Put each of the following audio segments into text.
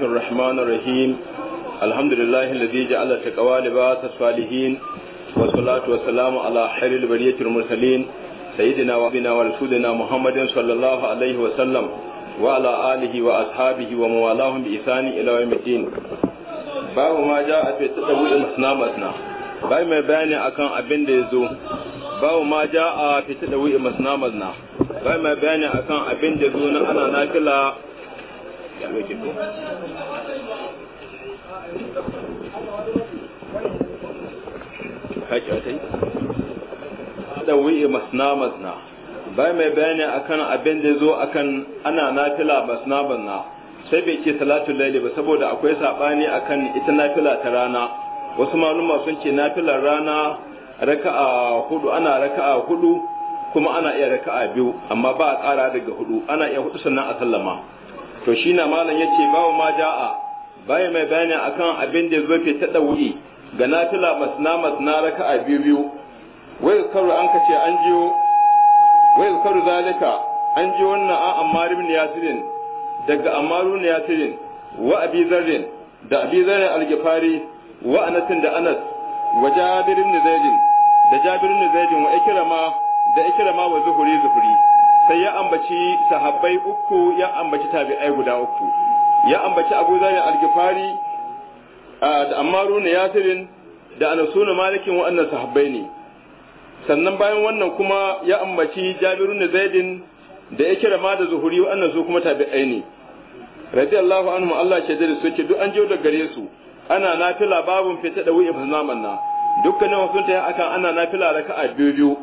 الله الرحمن الرحيم الحمد لله الذي جعل تقوى لباس الصالحين والصلاة والسلام على خير البرية المرسلين سيدنا وابنا ورسولنا محمد صلى الله عليه وسلم وعلى آله وأصحابه وموالاهم بإحسان إلى يوم الدين باب ما جاء في التسوي مثنى مثنى باب ما بيان أكان أبن ديزو babu ma ja'a fi tadawi masna mazna bai mai bayani akan abin da zo na ana nafila yalwai ke ko haƙi wata yi da wuyi masna masna bai mai bayani akan abin da zo akan ana nafila masna masna sai bai ce salatu laili ba saboda akwai sabani akan ita nafila ta rana wasu maluma sun ce nafilar rana raka'a hudu ana raka'a hudu kuma ana iya raka'a biyu amma ba a tsara daga hudu ana iya hudu sannan a sallama to shi na malam ya ce bawa ma ja'a baya mai bayani akan abin da zo fi taɗa wuyi ga fila masna masna raka a biyu biyu wai karu an kace an jiyo wai karu zalika an ji wannan a ammar ibn yasirin daga ammar ibn yasirin wa abi zarrin da abi zarrin al-gifari wa anas da anas wa jabir ibn zaid da jabir ibn zaid wa ikrama da ikrama wa zuhuri zuhuri sai ya ambaci sahabbai uku ya ambaci tabi'ai guda uku ya ambaci Abu Zari al da Ammaru ne Yasirin da Anasu Malikin waɗannan sahabbai ne sannan bayan wannan kuma ya ambaci Jabiru ne Zaidin da ya kira da Zuhuri waɗannan su kuma tabi'ai ne radiyallahu anhu Allah shaida da su ce duk an jiyo da gare su ana nafila babun fita da wuya fasnaman na dukkanin wasu ta akan ana nafila raka'a biyu biyu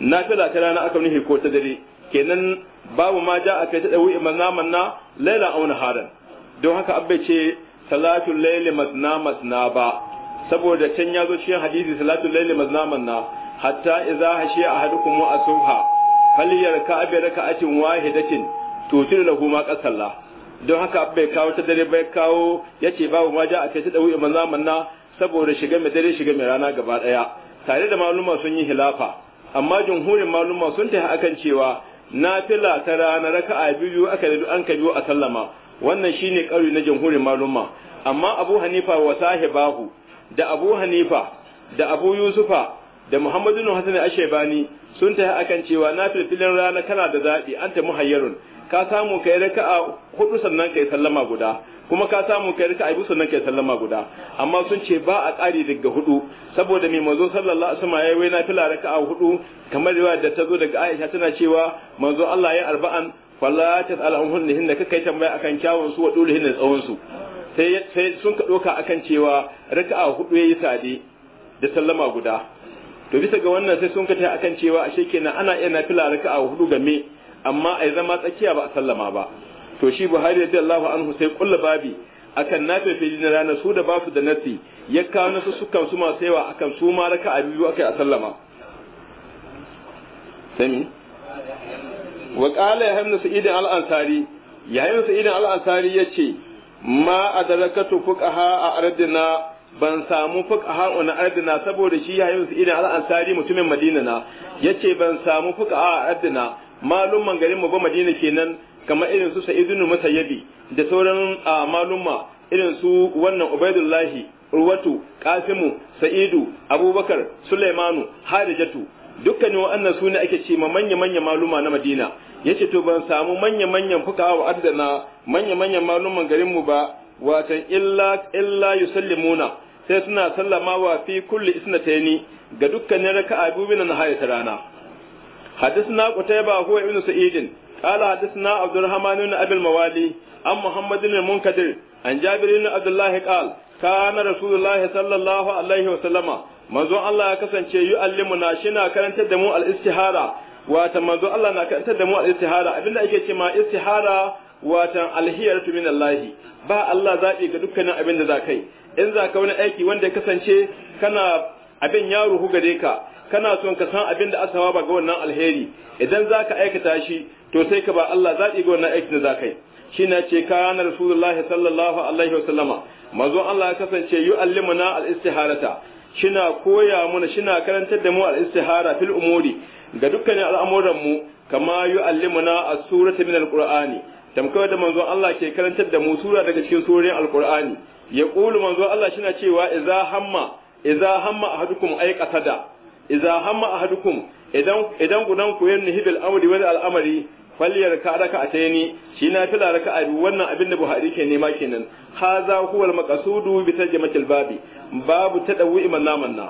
nafila ta rana aka nuhi ko ta dare kenan babu ma ja a kai ta dawi naman na laila auna haran don haka abba ce salatul laili masna masna ba saboda can ya zo cikin hadisi salatul laili masna masna hatta idza hashi ahadukum wa asubha falyarka abi raka'atin wahidatin tutir lahu ma qasalla don haka abba kawo ta dare bai kawo yace babu ma ja a kai ta dawi naman na saboda shiga mai dare shiga mai rana gaba daya tare da maluma sun yi hilafa amma jumhurin maluma sun tafi akan cewa nafila ta rana raka'a biyu aka da an ka biyu a sallama wannan shine k'aru na jamhurin maluma amma Abu Hanifa wa sahibahu da Abu Hanifa da Abu Yusufa da Muhammadu bin Hasan al sun ta akan cewa na filin rana kana da zaɓi zabi anta muhayyarun ka samu kai raka'a hudu sannan kai sallama guda kuma ka samu kai raka'a biyu sannan kai sallama guda amma sun ce ba a ƙari daga hudu saboda mai manzo sallallahu alaihi wasallam yayi na fila raka'a hudu kamar riwaya da ta zo daga Aisha tana cewa manzo Allah ya arba'an falla tas'al an hunnihin da kai tambaya akan kyawun su wa dulihin tsawon su sai sai sun ka doka akan cewa raka'a hudu yayi sade da sallama guda to bisa ga wannan sai sun ka ta akan cewa ashe kenan ana iya nafila raka'a hudu game amma ai zama tsakiya ba a sallama ba to shi buhari Allahu anhu sai kulla babi akan na fefeji na ranar su da ba su da nasi ya kawo nasu kan su masu yawa akan su ma raka a biyu aka yi a sallama sami wa qala ya hamna al'ansari al-ansari yayin Idin al ya ce ma a darakatu fukaha a ardina ban samu fukaha na ardina saboda shi yayin sa'id al al'ansari mutumin madina na ce ban samu fukaha a ardina malumman garin mu ba madina kenan kamar irin su sa'idun musayyabi da sauran malumma irin su wannan ubaidullahi urwatu kasimu sa'idu abubakar sulaimanu harijatu dukkanin wa'annan su ne ake ce ma manya-manya maluma na madina yace to ban samu manya-manyan fuka wa adana manya-manyan maluman garinmu ba watan illa illa yusallimuna sai suna sallama wa fi kulli isnataini ga dukkanin raka'a biyu na nahayat rana حدثنا قتيبة هو ابن سعيد قال حدثنا عبد الرحمن بن أبي الموالي عن محمد بن المنكدر عن جابر بن عبد الله قال كان رسول الله صلى الله عليه وسلم manzon Allah ya kasance yu'allimuna shina karantar da mu al-istihara wata manzon Allah na karantar da mu al-istihara abinda ake ce ma istihara watan alhiyartu min Allah ba Allah zabi ga dukkanin abinda da zakai in zaka wani aiki wanda ya kasance kana abin ya ruhu gare ka kana son ka san abin da aka ba ga wannan alheri idan zaka aikata shi to sai ka ba Allah zaɓi ga wannan aikin da zaka shi na ce kana rasulullahi sallallahu alaihi wasallama mazo Allah ya kasance allimuna al-istiharata shina koya muna shina karantar da mu al-istihara fil umuri ga dukkanin al'amuran mu kama allimuna as-surata min al-qur'ani tamkar da manzo Allah ke karantar da mu sura daga cikin surorin al-qur'ani ya qulu manzo Allah shina cewa idza hamma idza hamma ahadukum ay Iza hamma ahadukum idan idan gudan ku yanni hibil amri wal al'amari falliyar ka raka a tayani shi na fila raka a wannan abin da Buhari ke nema kenan haza huwal maqsudu bi tarjamatil babi babu tadawwi manna na.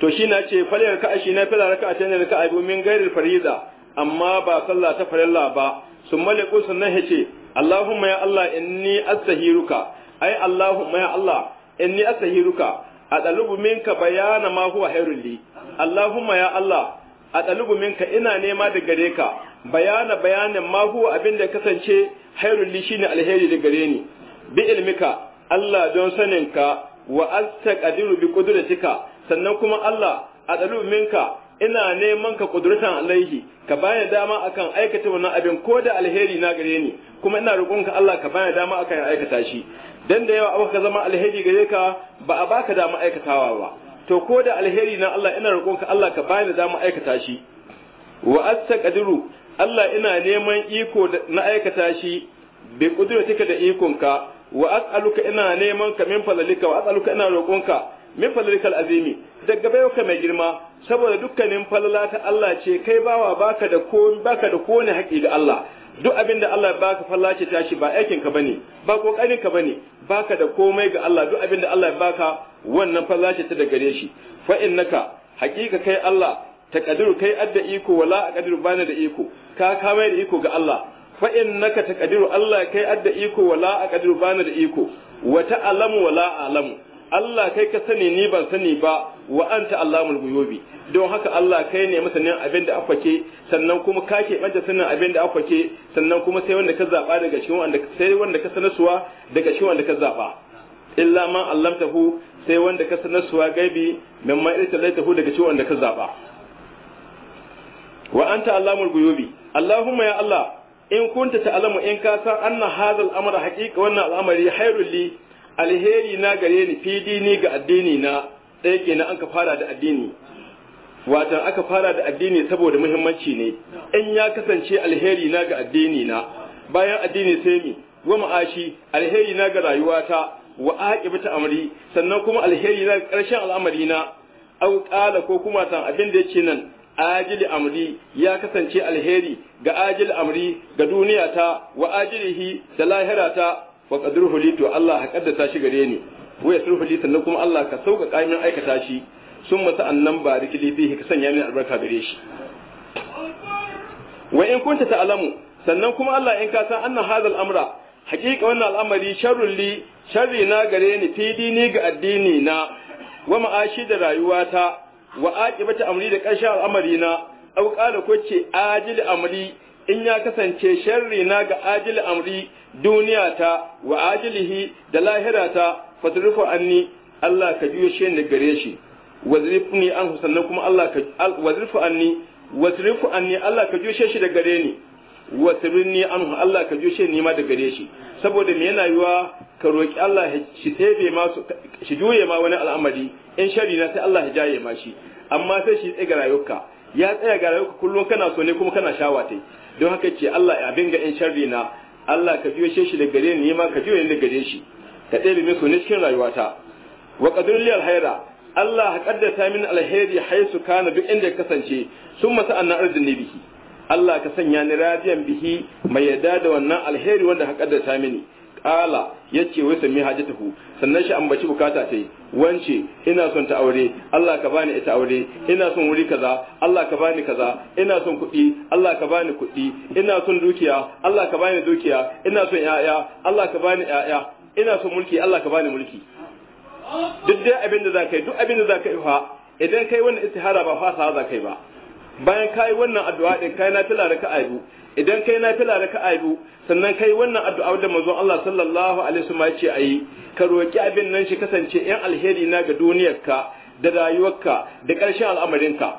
to shi na ce falliyar ka shi na fila raka a tayani raka a biyu min gairil fariza amma ba sallah ta farilla ba sun maliku sannan ya ce Allahumma ya Allah inni astahiruka ai Allahumma ya Allah inni astahiruka A dalilu minka bayana mahuwa hairulli. Allahumma ya Allah a minka ina nema da gareka bayana bayanan mahuwa abinda kasance hairulli shine alheri da gareni. Bi ilmika. Allah don saninka wa Azpac a dirubin sannan kuma Allah a minka ina neman ka kuduratan alaihi ka bani dama akan aikata wa abin ko da alheri na gareni, kuma ina rukunka Allah ka bani dama akan aikata shi. dan da yawa abu ka zama alheri gare ka ba a baka dama aikatawa ba to ko da alheri na Allah ina roƙonka Allah ka bani dama aikata shi wa astaqdiru Allah ina neman iko na aikata shi bi kudratika da ikonka wa as'aluka ina neman ka min fadlika wa as'aluka ina roƙonka min fadlika al'azimi daga ka mai girma saboda dukkanin falala ta Allah ce kai bawa baka da ko baka da kone haƙi ga Allah duk abin da Allah baka fallace ta shi ba aikin ka bane ba kokarin ka bane baka da komai ga Allah duk abin da Allah baka wannan fallace ta da gare shi fa innaka hakika kai Allah taqdiru kai adda iko wala aqdiru bani da iko ka mai da iko ga Allah fa innaka taqdiru Allah kai adda iko wala aqdiru bani da iko wa ta'lamu wala a'lamu Allah kai ka sani ni ban sani ba wa anta Allahul ghuyubi don haka Allah kai ne masanin abin da afake sannan kuma ka ke banta sanin abin da afake sannan kuma sai wanda ka zaba daga cikin wanda sai wanda ka sanasuwa daga cikin wanda ka zaba illa ma allamtahu sai wanda ka sanasuwa gaibi mimma hu daga cikin wanda ka zaba wa anta Allahul ghuyubi Allahumma ya Allah in kunta ta'lamu in ka san anna hadha al-amra haqiqa wannan al'amari hayrul li alheri na gare ni fidi ni ga addini na ɗaya kenan an ka fara da addini watan aka fara da addini saboda muhimmanci ne in ya kasance alheri na ga addini na bayan addini sai mi wa ma'ashi alheri na ga rayuwata wa ta amri sannan kuma alheri na karshen al'amari na au qala ko kuma san abin da yake nan ajili amri ya kasance alheri ga ajili amri ga duniyata wa ajilihi da lahirata wa qadruhu li to Allah ha kaddasa shi gare ni wa yasruhu li sannan kuma Allah ka sauƙaƙa min aikata shi sun masa annan ba rikili fihi ka sanya min albarka gare shi wa in kunta ta'lamu sannan kuma Allah in ka san annan hadal amra haƙiƙa wannan al'amari sharrul li sharri na gare ni fi dini ga addini na wa ma'ashi da rayuwata wa aqibata amri da ƙarshen al'amari na au qala ko ce ajil amri in ya kasance sharri na ga ajil amri duniya ta wa ajilihi da lahira ta fatrifu anni Allah ka juyo shi ne gare shi wazrifni an sannan kuma Allah ka wazrifu anni wazrifu anni Allah ka juyo shi da gare ni wasirni an Allah ka juyo shi ni ma da gare shi saboda me yana yiwa ka roki Allah shi tebe ma shi juye ma wani al'amari in sharri na sai Allah ya jaye ma shi amma sai shi tsaye rayuka ya tsaya ga rayuka kullum kana so ne kuma kana shawa tai don haka ce Allah abin ga in sharri na Allah ka biyo shi da gare ni ma ka biyo ni da gare shi ka ɗebe min ne cikin rayuwata wa qadrul alhaira Allah ha kaddasa min alheri haisu kana duk inda ya kasance sun masa anna ne bihi Allah ka sanya ni radiyan bihi mai yadda da wannan alheri wanda ha kaddasa mini kala ya ce wai sami tafu sannan shi ambaci bukata ta yi wance ina son ta aure Allah ka bani ita aure ina son wuri kaza Allah ka bani kaza ina son kuɗi Allah ka bani kuɗi ina son dukiya Allah ka bani dukiya ina son ƴaƴa Allah ka bani ƴaƴa ina son mulki Allah ka bani mulki duk dai abin da za ka yi duk abin da za ka yi fa idan kai wannan istihara ba fa sa ka yi ba bayan ka yi wannan addu'a din kai na tila da ka idan kai na da ka aibu sannan kai wannan addu'a da manzon Allah sallallahu alaihi wasallam ya ce ayi ka roki abin nan shi kasance in alheri na ga duniyarka da rayuwarka da ƙarshen al'amarinka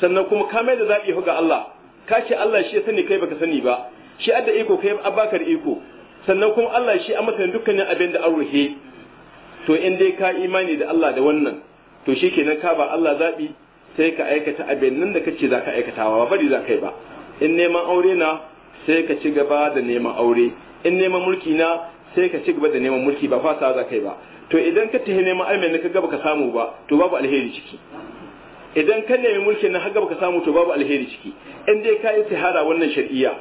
sannan kuma ka mai da zaɓi ga Allah ka ce Allah shi ya sani kai baka sani ba shi adda iko kai da iko sannan kuma Allah shi a masa dukkanin abin da an ruhe to in dai ka imani da Allah da wannan to shikenan ka ba Allah zaɓi sai ka aikata abin nan da kace za ka aikatawa ba bari za kai ba in neman aure na sai ka ci gaba da neman aure in neman mulki na sai ka ci gaba da neman mulki ba fasa za kai ba to idan ka tafi neman aure ka gaba ka samu ba to babu alheri ciki idan ka nemi mulkin na gaba ka samu to babu alheri ciki in dai ka istihara wannan shari'a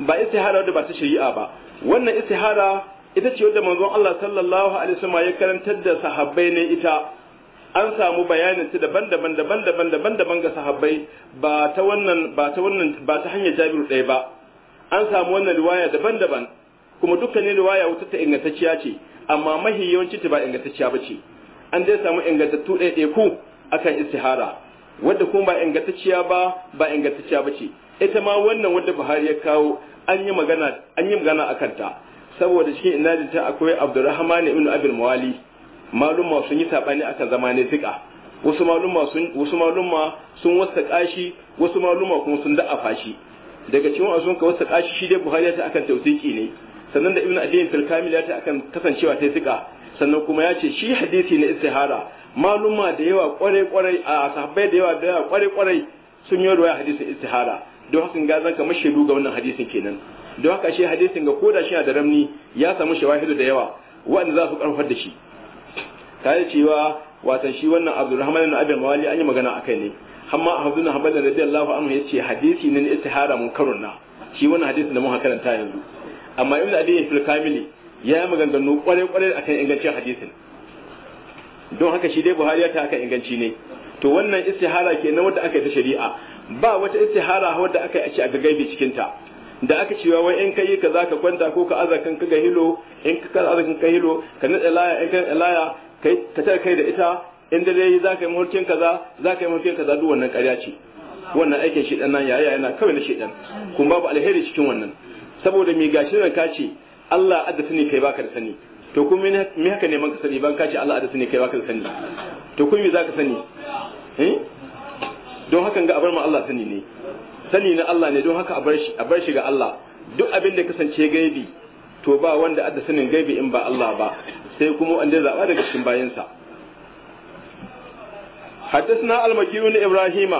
ba istihara da ba ta shari'a ba wannan istihara ita ce wadda manzon Allah sallallahu alaihi wasallam ya karantar da sahabbai ne ita an samu bayanin su daban-daban daban-daban daban-daban ga sahabbai ba ta wannan ba ta wannan ba ta hanyar Jabiru ɗaya ba an samu wannan riwaya daban-daban kuma dukkanin riwaya wata ta ingantacciya ce amma mahi yawanci ta ba ingantacciya ba ce an dai samu ingantattu ɗaya ku akan istihara wadda kuma ba ingantacciya ba ba ingantacciya ba ce ita ma wannan wadda Buhari ya kawo an yi magana an yi magana akan ta saboda cikin inajin ta akwai Abdurrahman ibn abdul Mawali malumma sun yi sabani akan zama ne siƙa wasu malumma sun wasu malumma sun wasa kashi wasu malumma kuma sun da afashi daga cikin wasu ka wasa kashi shi dai buhari ta akan tawfiki ne sannan da ibnu adiyin fil kamil ta akan kasancewa ta siƙa sannan kuma ya ce shi hadisi na istihara malumma da yawa kwarai kwarai a sahabbai da yawa da yawa kwarai kwarai sun yi ruwaya hadisin istihara don haka ga zan ka shaidu ga wannan hadisin kenan don haka shi hadisin ga koda shi da ramni ya samu shawahidu da yawa waɗanda za su karfar da shi tare cewa watan shi wannan Abdulrahman ibn Abi Mawali an yi magana akai ne amma Abdul Hanbal radiyallahu anhu yace hadisi ne istihara mun karunna shi wannan hadisi da muka karanta yanzu amma Ibn Abi fil Kamili ya yi maganganu kwarai kwarai akan ingancin hadisin don haka shi dai Buhari ya ta aka inganci ne to wannan istihara nan wanda aka yi ta shari'a ba wata istihara wadda aka yi a a gagaibi cikin ta da aka cewa wai in kai kaza ka kwanta ko ka aza kanka ka ga hilo in ka kaza aza ka hilo ka nade laya in ka nade laya ka tare kai da ita in dai za zaka yi mulkin kaza za ka yi mulkin kaza duk wannan ƙarya ce wannan aikin shedan nan yaya yana kawai na dan kuma babu alheri cikin wannan saboda mi gashi nan ka ce Allah addasa sani kai baka da sani to kuma me haka ne man ka sani ban ka ce Allah addasa sani kai baka da sani to kuma me ka sani eh don hakan ga abarma ma Allah sani ne sani na Allah ne don haka a bar shi ga Allah duk abin da kasance gaibi to ba wanda addasa sanin gaibi in ba Allah ba sai kuma wanda ya zaɓa daga cikin bayansa حدثنا المكي بن ابراهيم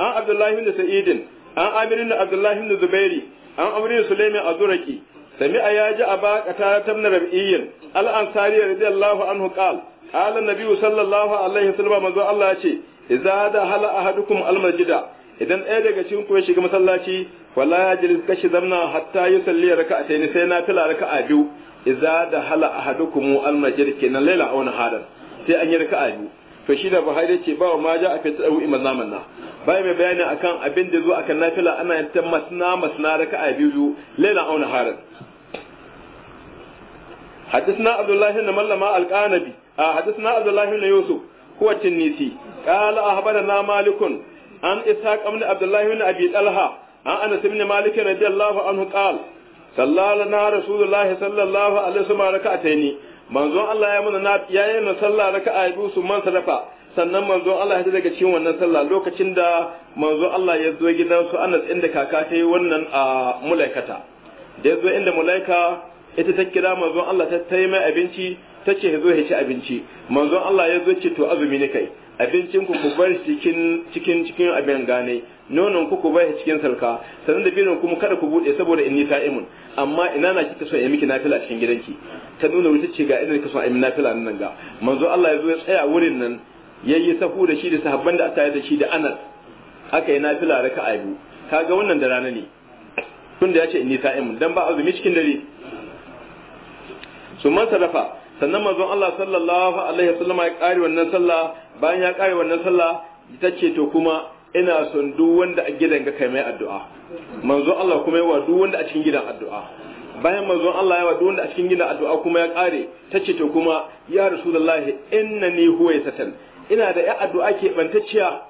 عن عبد الله بن سعيد عن عامر بن عبد الله بن زبير عن عمرو بن سليم الزرقي سمع ياج ابا قتادة بن ربيع الانصاري رضي الله عنه قال قال النبي صلى الله عليه وسلم منذ الله يشي idza da hala ahadukum almasjida idan ɗaya daga cikin ku ya shiga masallaci wala yajlis kashi zamna hatta yusalli raka'atayn sai na fila raka'a biyu idza da hala ahadukum al majid kenan laila aw nahara sai an yi raka'a biyu to shi da Buhari ce ba ma ja a fita ɗau imar naman na bai mai bayani akan abin da zo akan nafila ana yin ta masna masna raka'a biyu laila aw nahara حدثنا عبد الله بن ملما القانبي حدثنا عبد الله بن يوسف هو التنيسي قال أخبرنا مالك عن إسحاق بن عبد الله بن أبي طلحة عن أنس بن مالك رضي الله عنه قال sallala na rasulullahi sallallahu alaihi wasallam raka'ataini manzon Allah ya mana ya yi na sallah raka'a biyu su man sadafa sannan manzon Allah ya daga cikin wannan sallah lokacin da manzon Allah ya zo gidan su Anas inda kaka ta yi wannan a mulaikata da ya zo inda mulaika ita ta kira manzon Allah ta tayi mai abinci ta ce ya zo ya ci abinci manzon Allah ya zo ce to azumi ne kai abincin ku ku bar cikin cikin cikin abin gane nonon ku ku bar cikin salka sanin da birin kuma kada ku bude saboda inni ta'imun amma ina na kika so yi miki nafila cikin gidanki ta nuna wuce ce ga idan kika so yi nafila nan ga manzo Allah ya zo ya tsaya wurin nan yayi sahu da shi da sahabban da aka yi da shi da Anas aka yi nafila raka biyu kaga wannan da rana ne tunda ya ce inni ta'imun dan ba azumi cikin dare su man sarafa sannan manzon Allah sallallahu alaihi wasallama ya kare wannan sallah bayan ya kare wannan sallah ta ce to kuma ina son duk wanda a gidan ga kai mai addu'a manzon Allah kuma yawa duk wanda a cikin gidan addu'a bayan manzon Allah yawa duk wanda a cikin gidan addu'a kuma ya kare ta ce to kuma ya rasulullahi innani huwaisatan ina da ya addu'a ke bantacciya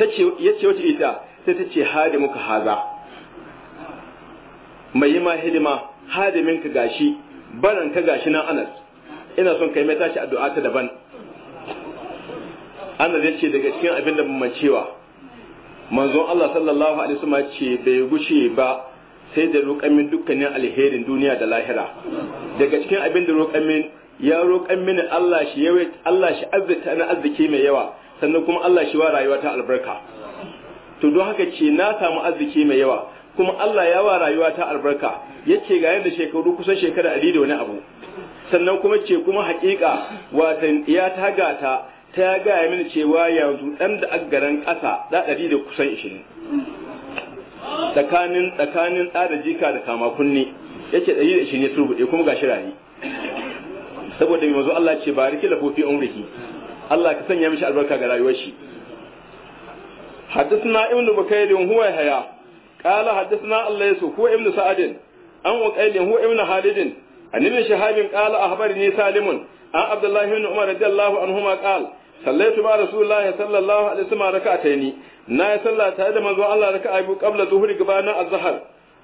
tace yace wace ita sai ta ce hadi muka haza mai yi ma hidima hadimin ka gashi baran ka gashi na anas ina son kai mai tashi addu'a ta daban anas ya ce daga cikin abin da mun cewa manzon Allah sallallahu alaihi wasallam ce bai gushe ba sai da roƙamin dukkanin alherin duniya da lahira daga cikin abin da roƙamin ya roƙan mini Allah shi yawa Allah shi azzata na arziki mai yawa sannan kuma Allah shi wa rayuwa ta albarka to don haka ce na samu arziki mai yawa kuma Allah ya wa rayuwa ta albarka yace ga yanda shekaru kusan shekara ali da wani abu sannan kuma ce kuma hakika watan ya ta gata ta ya mini cewa yanzu dan da aggaran ƙasa da ɗari da kusan 20 tsakanin tsakanin da jika da kama kunni yace ɗari da ishirin ya turbuɗe kuma gashi rayi saboda mai manzo Allah ce bariki lahu fi umrihi Allah ka sanya mishi albarka ga rayuwar shi حدثنا ابن بكير هو هيا قال حدثنا الليث هو ابن سعد عن وقيل هو ابن خالد عن ابن شهاب قال أخبرني سالم عن عبد الله بن عمر رضي الله عنهما قال صليت مع رسول الله صلى الله عليه وسلم ركعتين na yi sallah tare da manzon Allah raka abu qabla zuhuri gabanin azhar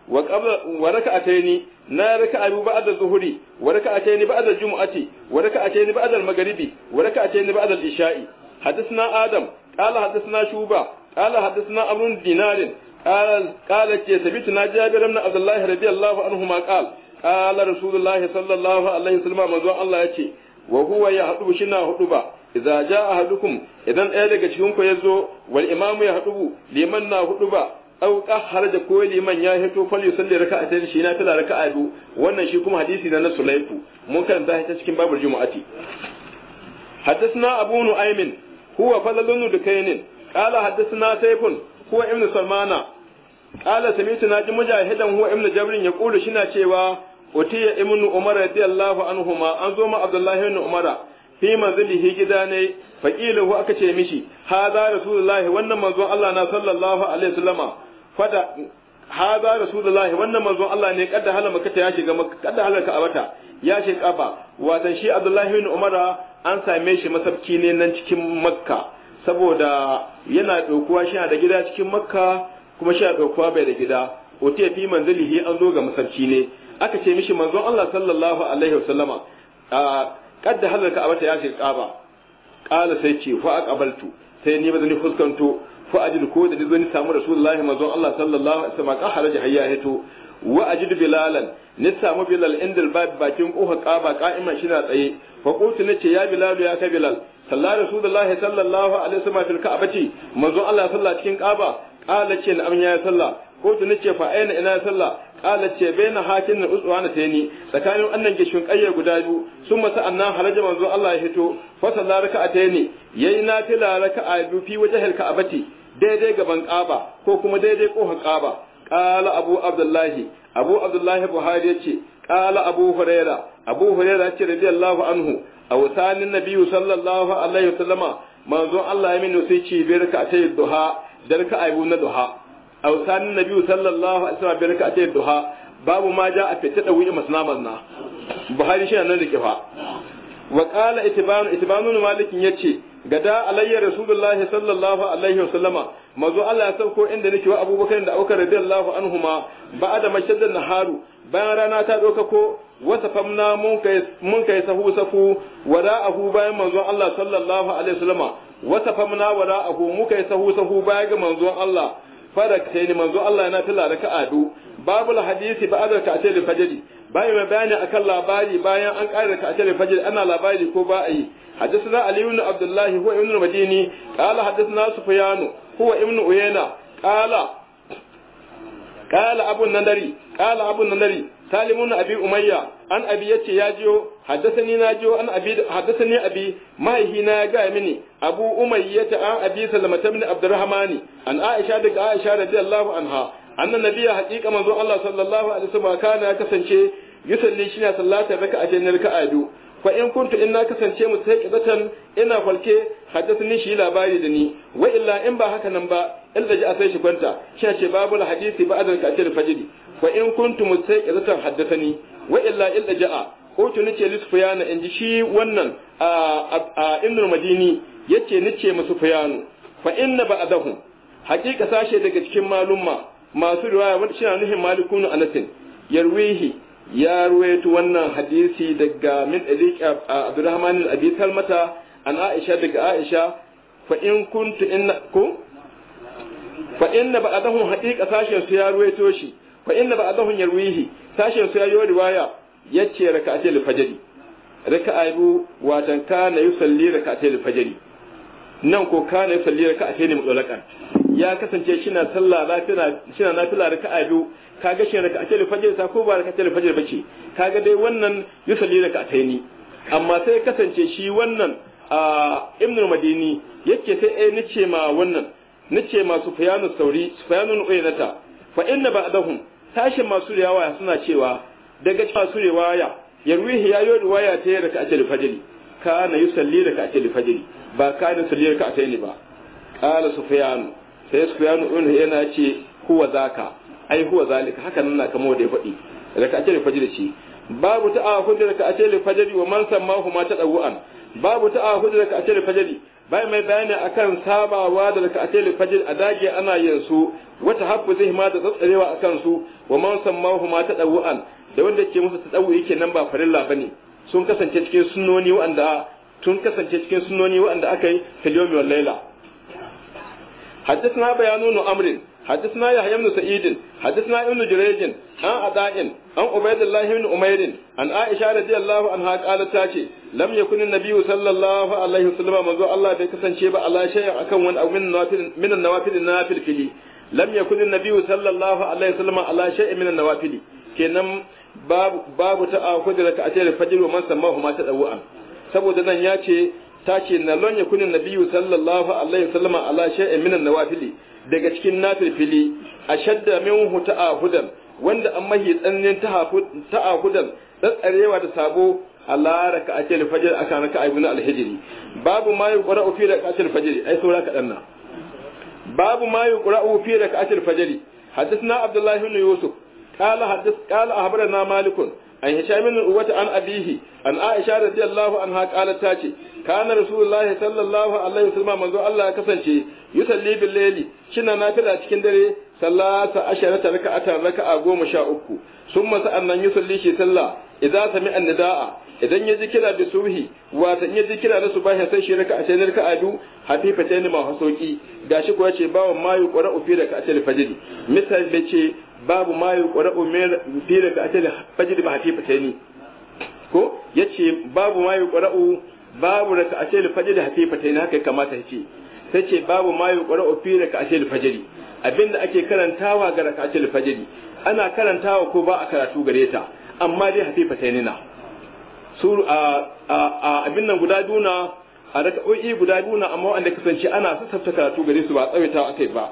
wa qabla wa raka'ataini na raka abu ba'da zuhuri wa raka'ataini ba'da jumu'ati wa raka'ataini ba'da al-maghribi wa raka'ataini ba'da al-isha'i hadathna adam qala hadathna shuba qala dinarin قال كي سمعتنا جابر بن عبد الله رضي الله عنهما قال قال رسول الله صلى الله عليه وسلم مزوع الله يتي وهو يهدو شنا هدوبا idza jaa ahadukum idan ɗaya daga cikin ku zo wani imamu ya hadubu liman na huduba har da ko liman ya hito fal yusalli raka'atayn shi na fila raka'a biyu wannan shi kuma hadisi na sulaiku mun kan da ta cikin babul jumu'ati حدثنا أبو نعيم هو فضل دكين قال حدثنا سيف هو ابن qala sami'tu naji mujahidan huwa ibnu jabrin yaqulu shina cewa utiya ibnu umar radiyallahu anhuma an zo ma abdullahi ibn umara fi manzilihi gida ne faqila hu aka ce mishi الله rasulullahi wannan الله Allah na sallallahu alaihi wasallama fada hadha rasulullahi wannan manzon Allah ne kadda halama kata ya shiga kadda halaka abata ya shiga ba watan shi abdullahi ibn an same shi masabki ne nan cikin makka saboda yana dokuwa shi da gida cikin makka kuma shi a kowa bai da gida otiya fi manzilihi an zo ga masarci ne aka ce mishi manzon Allah sallallahu alaihi wasallama a kadda halar a wata ya shiga kaba qala sai ce fa aqbaltu sai ni bazani fuskanto fa ajid ko da zo ni samu rasulullahi manzon Allah sallallahu alaihi wasallama ka halaji hayya hito wa ajid bilalan ni samu bilal indal bab bakin kofa kaba ka'iman shi na tsaye fa qultu nace ya bilal ya ka bilal sallallahu alaihi wasallama fil ka'abati manzon Allah sallallahu cikin kaba qala ce na ya sallah ko tuni ce fa aina ina sallah qala ce baina hakin na na tayni tsakanin wannan gishin kayyar guda biyu sun masa annan halaja manzo Allah ya hito fa sallar a tani yayi nafila raka'a biyu fi a bati. daidai gaban kaba ko kuma daidai kohar kaba qala abu abdullahi abu abdullahi buhari yace qala abu huraira abu huraira yace radiyallahu anhu awsanin nabiyyu sallallahu alaihi wasallama manzo Allah ya mini sai ci bi raka'a duha da raka'a biyu na duha aw sanin nabi sallallahu alaihi wasallam bi raka'ati duha babu ma ja a fitta da wuya masna na buhari shi nan da kifa wa qala itibanu itibanu malikin yace gada alayya rasulullahi sallallahu alaihi wasallama mazo Allah ya sauko inda nake wa abubakar da aukar radiyallahu anhuma ba'da mashaddan naharu bayan rana ta doka ko wata famna mun kai sahu safu wada'ahu bayan manzon Allah sallallahu alaihi wasallama wata famna wara ahu muka yi sahu sahu baya ga manzon Allah farak sai ni manzon Allah yana tilla da ka'adu babu hadisi ba adar ka'atai da fajiri bayan mai bayani akan labari bayan an ƙara da ka'atai da fajiri ana labari ko ba a yi حدثنا علي بن عبد الله هو ابن المديني قال حدثنا سفيان هو ابن عيينة قال قال أبو النضري قال أبو سالم بن ابي اميه ان ابي يتي ياجيو حدثني ناجيو ان ابي حدثني ابي ما هنا مني ابو اميه ان ابي سلمة بن عبد الرحمن ان عائشه دك عائشه رضي الله عنها ان النبي حقيقه منذ الله صلى الله عليه وسلم كان كسنشي يصلي شنا صلاه ركعتين ركعة fa in kuntu in na kasance mutaqidatan ina falke ni shi labari da ni wa illa in ba haka nan ba illa ji a sai shi kwanta shi ce babul hadisi ba azan ka tir fajiri fa in kuntu mu mutaqidatan ni wa illa illa ja'a kuntu nace li in ji shi wannan a ibn madini yace nace musu fiyanu fa inna ba'dahu hakika sashe daga cikin malumma masu riwaya wanda shi na nuhin malikun anasin yarwihi ya ruwaito wannan hadisi daga min ɗalik Abdurrahman al-Abi Talmata an Aisha daga Aisha fa in kuntu inna ku fa inna ba'dahu haqiqa sashin su ya ruwaito shi fa inna ba'dahu yarwihi sashin su ya yi riwaya yace raka'atai al-fajri raka'a bu watan kana yusalli raka'atai al-fajri nan ko kana yusalli raka'atai mutlaqan ya kasance shina sallah nafila shina nafila raka'a biyu kaga shi raka'a ta fajr ta ko ba raka'a ta fajr bace kaga dai wannan yusalli raka'ataini amma sai kasance shi wannan a ibn madini yake sai eh nace ma wannan nace ma sufyanu sauri sufyanu uyanata fa inna ba'dahum tashin masu riwaya suna cewa daga cikin masu riwaya yarwihi yayo riwaya ta raka'a ta fajr kana yusalli raka'ata ta fajr ba kana yusalli raka'ataini ba قال سفيان sai sufyanu ibn yana ce huwa zaka ai huwa zalika haka nan na kamar da ya faɗi raka'atul fajiri ce babu ta ta'ahud raka'atul fajiri wa man sammahu ma tadawuan babu ta ta'ahud raka'atul fajiri bai mai bayani akan sabawa da ka raka'atul fajiri a dage ana yin su wata hafu zai ma da tsatsarewa akan su wa man sammahu ma tadawuan da wanda ke musu tadawu yake nan ba farilla bane sun kasance cikin sunnoni wanda tun kasance cikin sunnoni wanda aka yi fil laila حدثنا بيان بن عمرو حدثنا يحيى بن سعيد حدثنا ابن جريج عن عطاء عن عبيد الله بن عمير عن عائشة رضي الله عنها قالت تاتي لم يكن النبي صلى الله عليه وسلم منذ الله بكسن شيبا على شيء أكون أو من النوافل من النوافل النافل فيه لم يكن النبي صلى الله عليه وسلم على شيء من النوافل kenan babu babu ta a kudu da ka a fajr wa man sammahu ma ta dawu an saboda nan ya ce ta ce na lon na biyu sallallahu alaihi wasallam ala shay'in minan nawafili daga cikin nafilfili ashadda a hudan wanda an mahi tsananin ta'ahudan tsatsarewa da sabo ala raka'atil fajr a raka'a ibn al-hijri babu ma yuqra'u fi raka'atil fajiri ai saura ka na babu ma yuqra'u fi raka'atil fajr fajiri عبد Abdullahi بن Yusuf قال حدث قال اخبرنا مالك an hisham bin uwata an abihi an aisha radiyallahu anha qalat ta ce kana rasulullahi sallallahu alaihi wasallam manzo Allah ya kasance yusalli bil layli shina nafila cikin dare sallata asharata raka'ata raka'a goma sha uku sun masa annan yi salli shi sallah idan sami annida'a idan ya ji kira da subhi wata ya ji kira na subahi sai shi raka'a sai raka'a biyu hafifa ta ni ma hasoki gashi kuwa ce babu mayu qara'u fi ta fajr misal da ce babu mayu qara'u fi ta fajr ma hafifa ta ni ko yace babu mayu qara'u babu ta fajr hafifa ta ni haka kamata yace sai ce babu mayu qara'u fi ta fajr abinda ake karantawa ga rakatul fajri ana karantawa ko ba a karatu gare ta amma dai hafifa tainina su a abin nan guda duna a raka'o'i guda duna amma wanda kasance ana sassafta karatu gare su ba tsawaita akai ba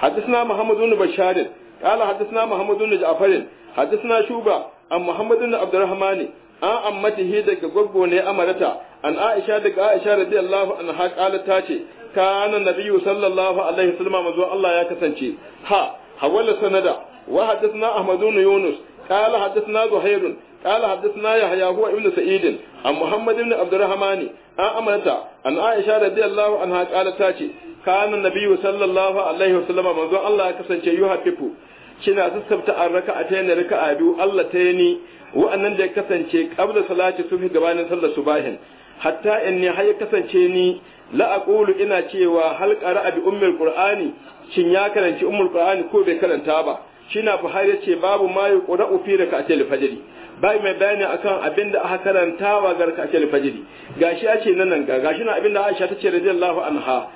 hadisna muhammadu بن bashar qala hadisna Muhammadu بن جعفر hadisna shuba an muhammadu بن عبد an ammatihi daga gwaggo ne amarata an aisha daga aisha radiyallahu anha qalat ta ce kana nabiyyu sallallahu alaihi wasallam manzo Allah ya kasance ha hawala sanada wa hadathna ahmad ibn yunus qala hadathna zuhair qala hadathna yahya huwa ibn sa'id an muhammad ibn abdurrahman an amarata an aisha radiyallahu anha qalat ta ce kana nabiyyu sallallahu alaihi wasallam manzo Allah ya kasance yuhaffifu kina sassabta an raka a tayin raka a biyu Allah ta yi ni wa'annan da ya kasance qabla salati fi gabanin sallar subahin hatta in ne har ya kasance ni la aqulu ina cewa hal qara'a bi ummul qur'ani shin ya karanci ummul qur'ani ko bai karanta ba shina fa har yace babu ma yuqra'u fi raka'atil fajri bai mai bayani akan abin da aka karantawa ga raka'atil fajri gashi ya ce nan ga gashi na abin da Aisha ta ce radiyallahu anha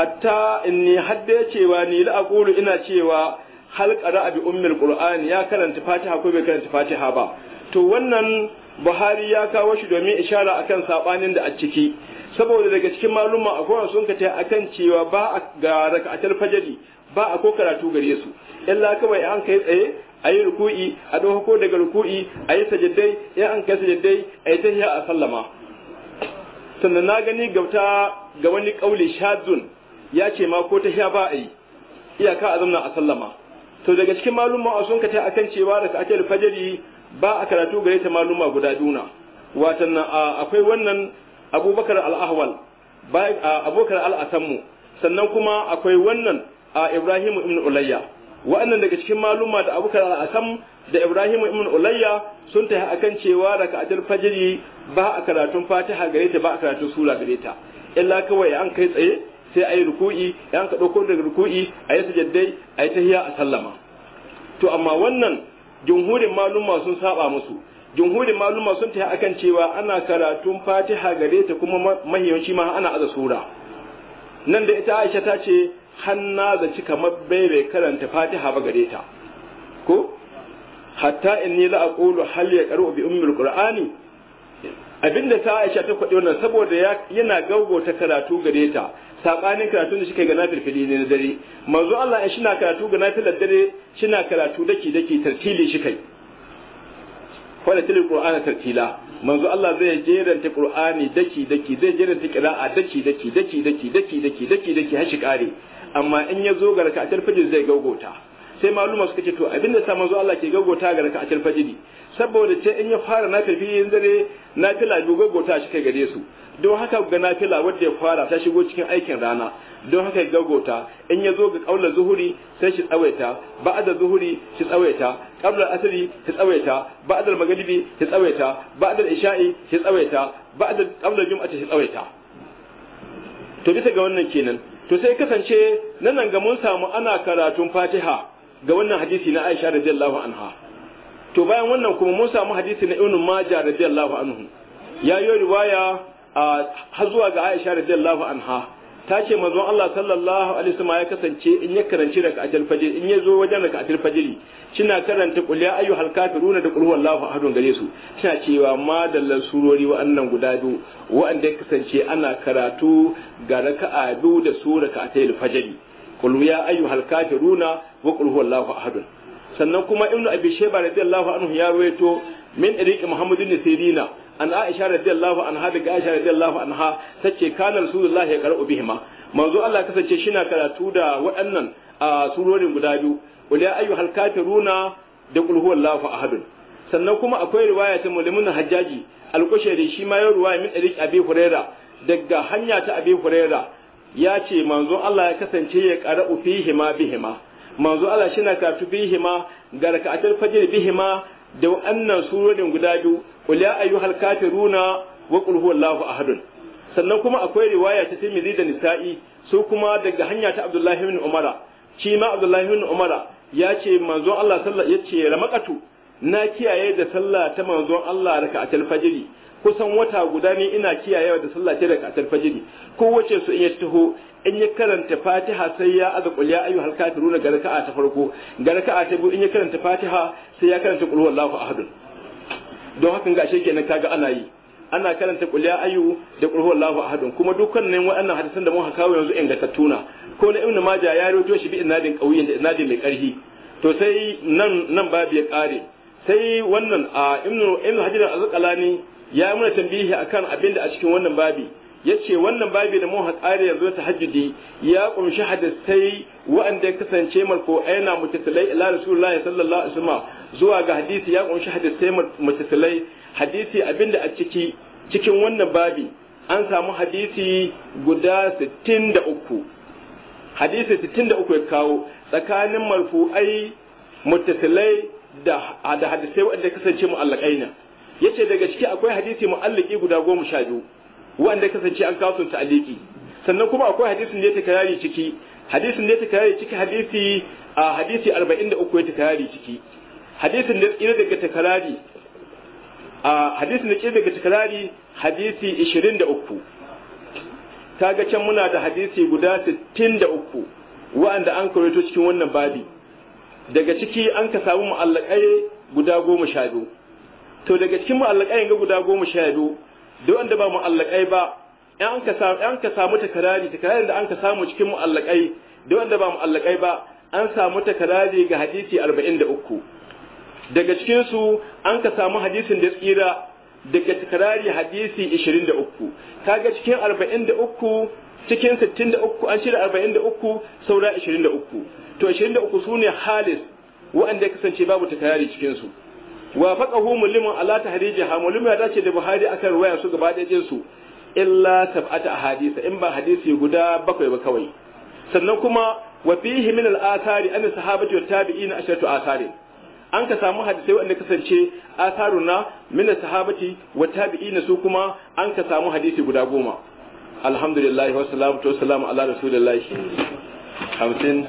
hatta ne hadda cewa ni la aqulu ina cewa hal qara'a bi ummil qur'ani ya karanta fatiha ko bai karanta fatiha ba to wannan buhari ya kawo shi domin ishara akan sabanin da a ciki saboda daga cikin maluma akwai sun ka akan cewa ba ga raka'atul fajri ba a ko karatu gare su illa kawai an kai tsaye ayi ruku'i a ko daga ruku'i ayi sajaddai in an kai sajaddai a yi tahiya a sallama sannan na gani gauta ga wani kauli shadun ya ce ma ko tahiya ba a yi iyaka a zamna a sallama to daga cikin malumma sun kace akan cewa da ake fajiri ba a karatu gare ta malumma guda duna watan akwai wannan abubakar al-ahwal abubakar al-asammu sannan kuma akwai wannan ibrahim ibn ulayya wa'annan daga cikin malumma da abubakar al-asam da ibrahim ibn ulayya sun tafi akan cewa da ka'atul fajiri ba a karatun fatiha gare ta ba a karatun sura gare ta illa kawai an kai tsaye sai ayi ruku'i yan ka dauko daga ruku'i ayi sujaddai ayi tahiya a sallama to amma wannan jumhurin maluma sun saba musu jumhurin maluma sun tafi akan cewa ana karatun fatiha gare ta kuma mahiyanci ma ana aza sura nan da ita aisha ta ce hanna da cika mabbai bai karanta fatiha ba gare ta ko hatta in ni la aqulu hal yaqra'u bi ummil qur'ani abinda ta aisha ta kwaɗi wannan saboda yana gaugauta karatu gare ta sabanin karatu da shi kai ga nafilfili ne na dare manzo Allah in shina karatu ga nafilar dare shina karatu daki daki tartili shi kai wala tilil qur'ana tartila manzo Allah zai jeranta qur'ani daki daki zai jeranta qira'a daki daki daki daki daki daki daki daki har shi kare amma in ya zo ga raka'atul fajr zai gaugota sai maluma suka ce to abinda sa manzo Allah ke gaugota ga raka'atul fajr saboda ce in ya fara nafilfili dare nafila bi gaugota shi kai gare su don haka ga nafila wadda ya fara ta shigo cikin aikin rana don haka gagota in ya zo ga kaula zuhuri sai shi tsawaita ba'da zuhuri shi tsawaita qabla asri shi tsawaita ba'da maghribi shi tsawaita ba'da isha'i shi tsawaita ba'da qabla jum'ati shi tsawaita to bisa ga wannan kenan to sai kasance nan nan ga mun samu ana karatun Fatiha ga wannan hadisi na Aisha radiyallahu anha to bayan wannan kuma mun samu hadisi na Ibn Majah radiyallahu anhu ya yi riwaya har zuwa ga Aisha radiyallahu anha ta ce manzon Allah sallallahu alaihi wasallam ya kasance in ya karanci daga ajal fajr in ya zo wajen daga ajal fajr kina karanta qul ya ayyuhal kafiruna da qul huwallahu ahad gare su kina cewa ma madallan surori wa'annan guda biyu wanda ya kasance ana karatu ga raka'a biyu da su raka'atayil fajr qul ya ayyuhal kafiruna wa qul huwallahu ahad sannan kuma ibnu abi shayba radiyallahu anhu ya rawaito min iriqi muhammadin sirina an aisha radiyallahu anha daga aisha radiyallahu anha tace kana rasulullahi qara'u bihima manzo Allah kasance shina karatu da waɗannan surorin guda biyu wal ya ayyuhal kafiruna da qul a hadu. sannan kuma akwai riwaya ta mulimin hajjaji alkushairi shi ma ya riwaya min iriqi abi huraira daga hanya ta abi huraira ya ce manzo Allah ya kasance ya qara'u fihima bihima manzo Allah shina karatu bihima ga raka'atul fajr bihima da wannan surorin guda biyu qul ya ayyuhal kafiruna wa qul huwallahu ahadun sannan kuma akwai riwaya ta Tirmidhi da Nisa'i su kuma daga hanya ta Abdullahi ibn Umar shi ma Abdullahi ibn Umar ya ce manzon Allah sallallahu alaihi wasallam ya ce ramaqatu na kiyaye da sallah ta manzon Allah atal fajiri kusan wata guda ne ina kiyayewa da sallah ta atal fajiri ko wace su in ya taho in ya karanta fatiha sai ya aza qul ya ayyuhal kafiruna ga raka'a ta farko ga raka'a ta biyu in ya karanta fatiha sai ya karanta qul huwallahu ahad don hakan ga kenan kaga ana yi ana karanta qul ya ayyu da qul huwallahu ahad kuma dukkanin waɗannan hadisan da muka wa yanzu tattuna. ko na ibnu majah ya rawaito shi bi inadin qawiyin da inadin mai karhi to sai nan nan babu ya kare sai wannan a ibnu ibnu hajar al qalani ya yi mana tambihi akan abinda a cikin wannan babi yace wannan babi da mun haƙari yanzu ta hajjidi ya kunshi hadisai wa'anda ya kasance marko aina mutasilai ila rasulullahi sallallahu alaihi wasallam zuwa ga hadisi ya kunshi hadisai mutasilai hadisi abinda a ciki cikin wannan babi an samu hadisi guda 63 hadisi 63 ya kawo tsakanin marfu'ai mutasilai da hadisai wa'anda ya kasance mu'allaqaina yace daga ciki akwai hadisi mu'allaqi guda goma sha biyu wanda kasance an kawo ta aliki sannan kuma akwai hadisin da ya takarari ciki hadisin da ya takarari ciki hadisi a hadisi 43 ya takarari ciki hadisin da tsira daga takarari a hadisin da tsira daga takarari hadisi 23 kaga can muna da hadisi guda 63 wa'anda an karanto cikin wannan babi daga ciki an ka samu mu'allakai guda goma sha biyu to daga cikin mu'allakai ga guda goma sha biyu duk wanda ba mu'allakai ba an ka samu takarari takarari da an ka samu cikin mu'allakai duk wanda ba mu'allakai ba an samu takarari ga hadisi 43 daga cikin su an ka samu hadisin da tsira daga takarari hadisi 23 kaga cikin 43 cikin 63 an shirya 43 saura 23 to 23 sune halis waɗanda ya kasance babu takarari cikin su wa faqahu mulmin ala tahrijiha mulmin ya dace da buhari akan ruwaya su gaba ɗayan su illa sab'ata hadisa in ba hadisi guda bakwai ba kawai sannan kuma wa fihi min al-athari an sahabati wa tabi'ina ashatu athari an ka samu hadisai wanda kasance atharuna min sahabati wa tabi'ina su kuma an ka samu hadisi guda goma alhamdulillah wa salatu wa salam ala rasulillah 50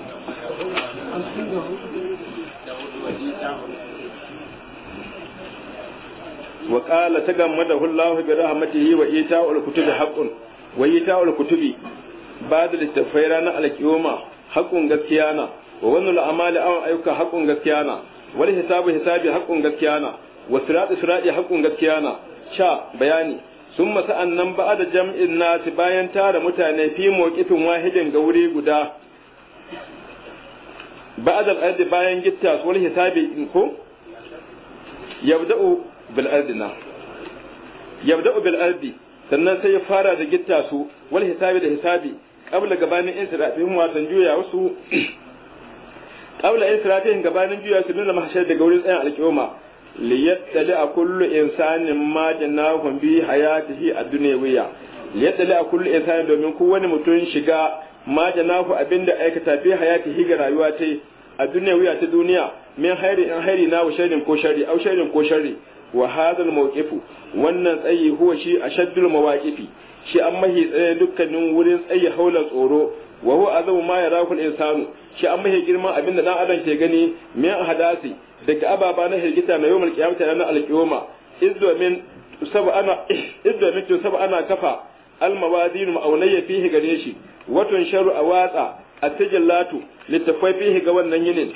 wa qala tagammadahu Allah bi rahmatihi wa ita'ul kutubi haqqun wa ita'ul kutubi ba'da littafai ranar alkiyoma haqqun gaskiya na wa wannan al'amali awan ayyuka haqqun gaskiya na wal hisabu hisabi haqqun gaskiya na wa siratu sirati haqqun gaskiya na sha bayani summa sa'annan ba'da jam'in nas bayan tara mutane fi mawqifin wahidin ga wuri guda ba'da al bayan gitta wal hisabi ko yabda'u bil ardi nan yabda'u bil ardi sannan sai ya fara da gitta su wal hisabi da hisabi qabla gabanin insirafihim watan juya wasu qabla insirafihim gabanin juya su nuna mahshar daga wurin tsayin alƙiyoma liyattali a kullu insanin ma hun bi hayatihi a dunyawiya liyattali a kullu insanin domin kowane mutum shiga ma janahu abinda aikata bi hayatihi ga rayuwa ta a duniya wuya ta duniya min hairi in hairi na wa sharrin ko sharri au sharrin ko sharri wa hadal mawqifu wannan tsayi huwa shi ashaddul mawaqifi shi an mahi tsaye dukkanin wurin tsayi haulan tsoro wa huwa azamu ma yarakul insanu shi an mahi girman abin da dan adam ke gani min hadasi daga ababa na hirgita na yawmul qiyamati ranar alqiyama iz sabu ana kafa to sabu ana kafa almawadin ma'aunayya fihi gare shi watun sharu a watsa a tijillatu littafai fihi ga wannan yinin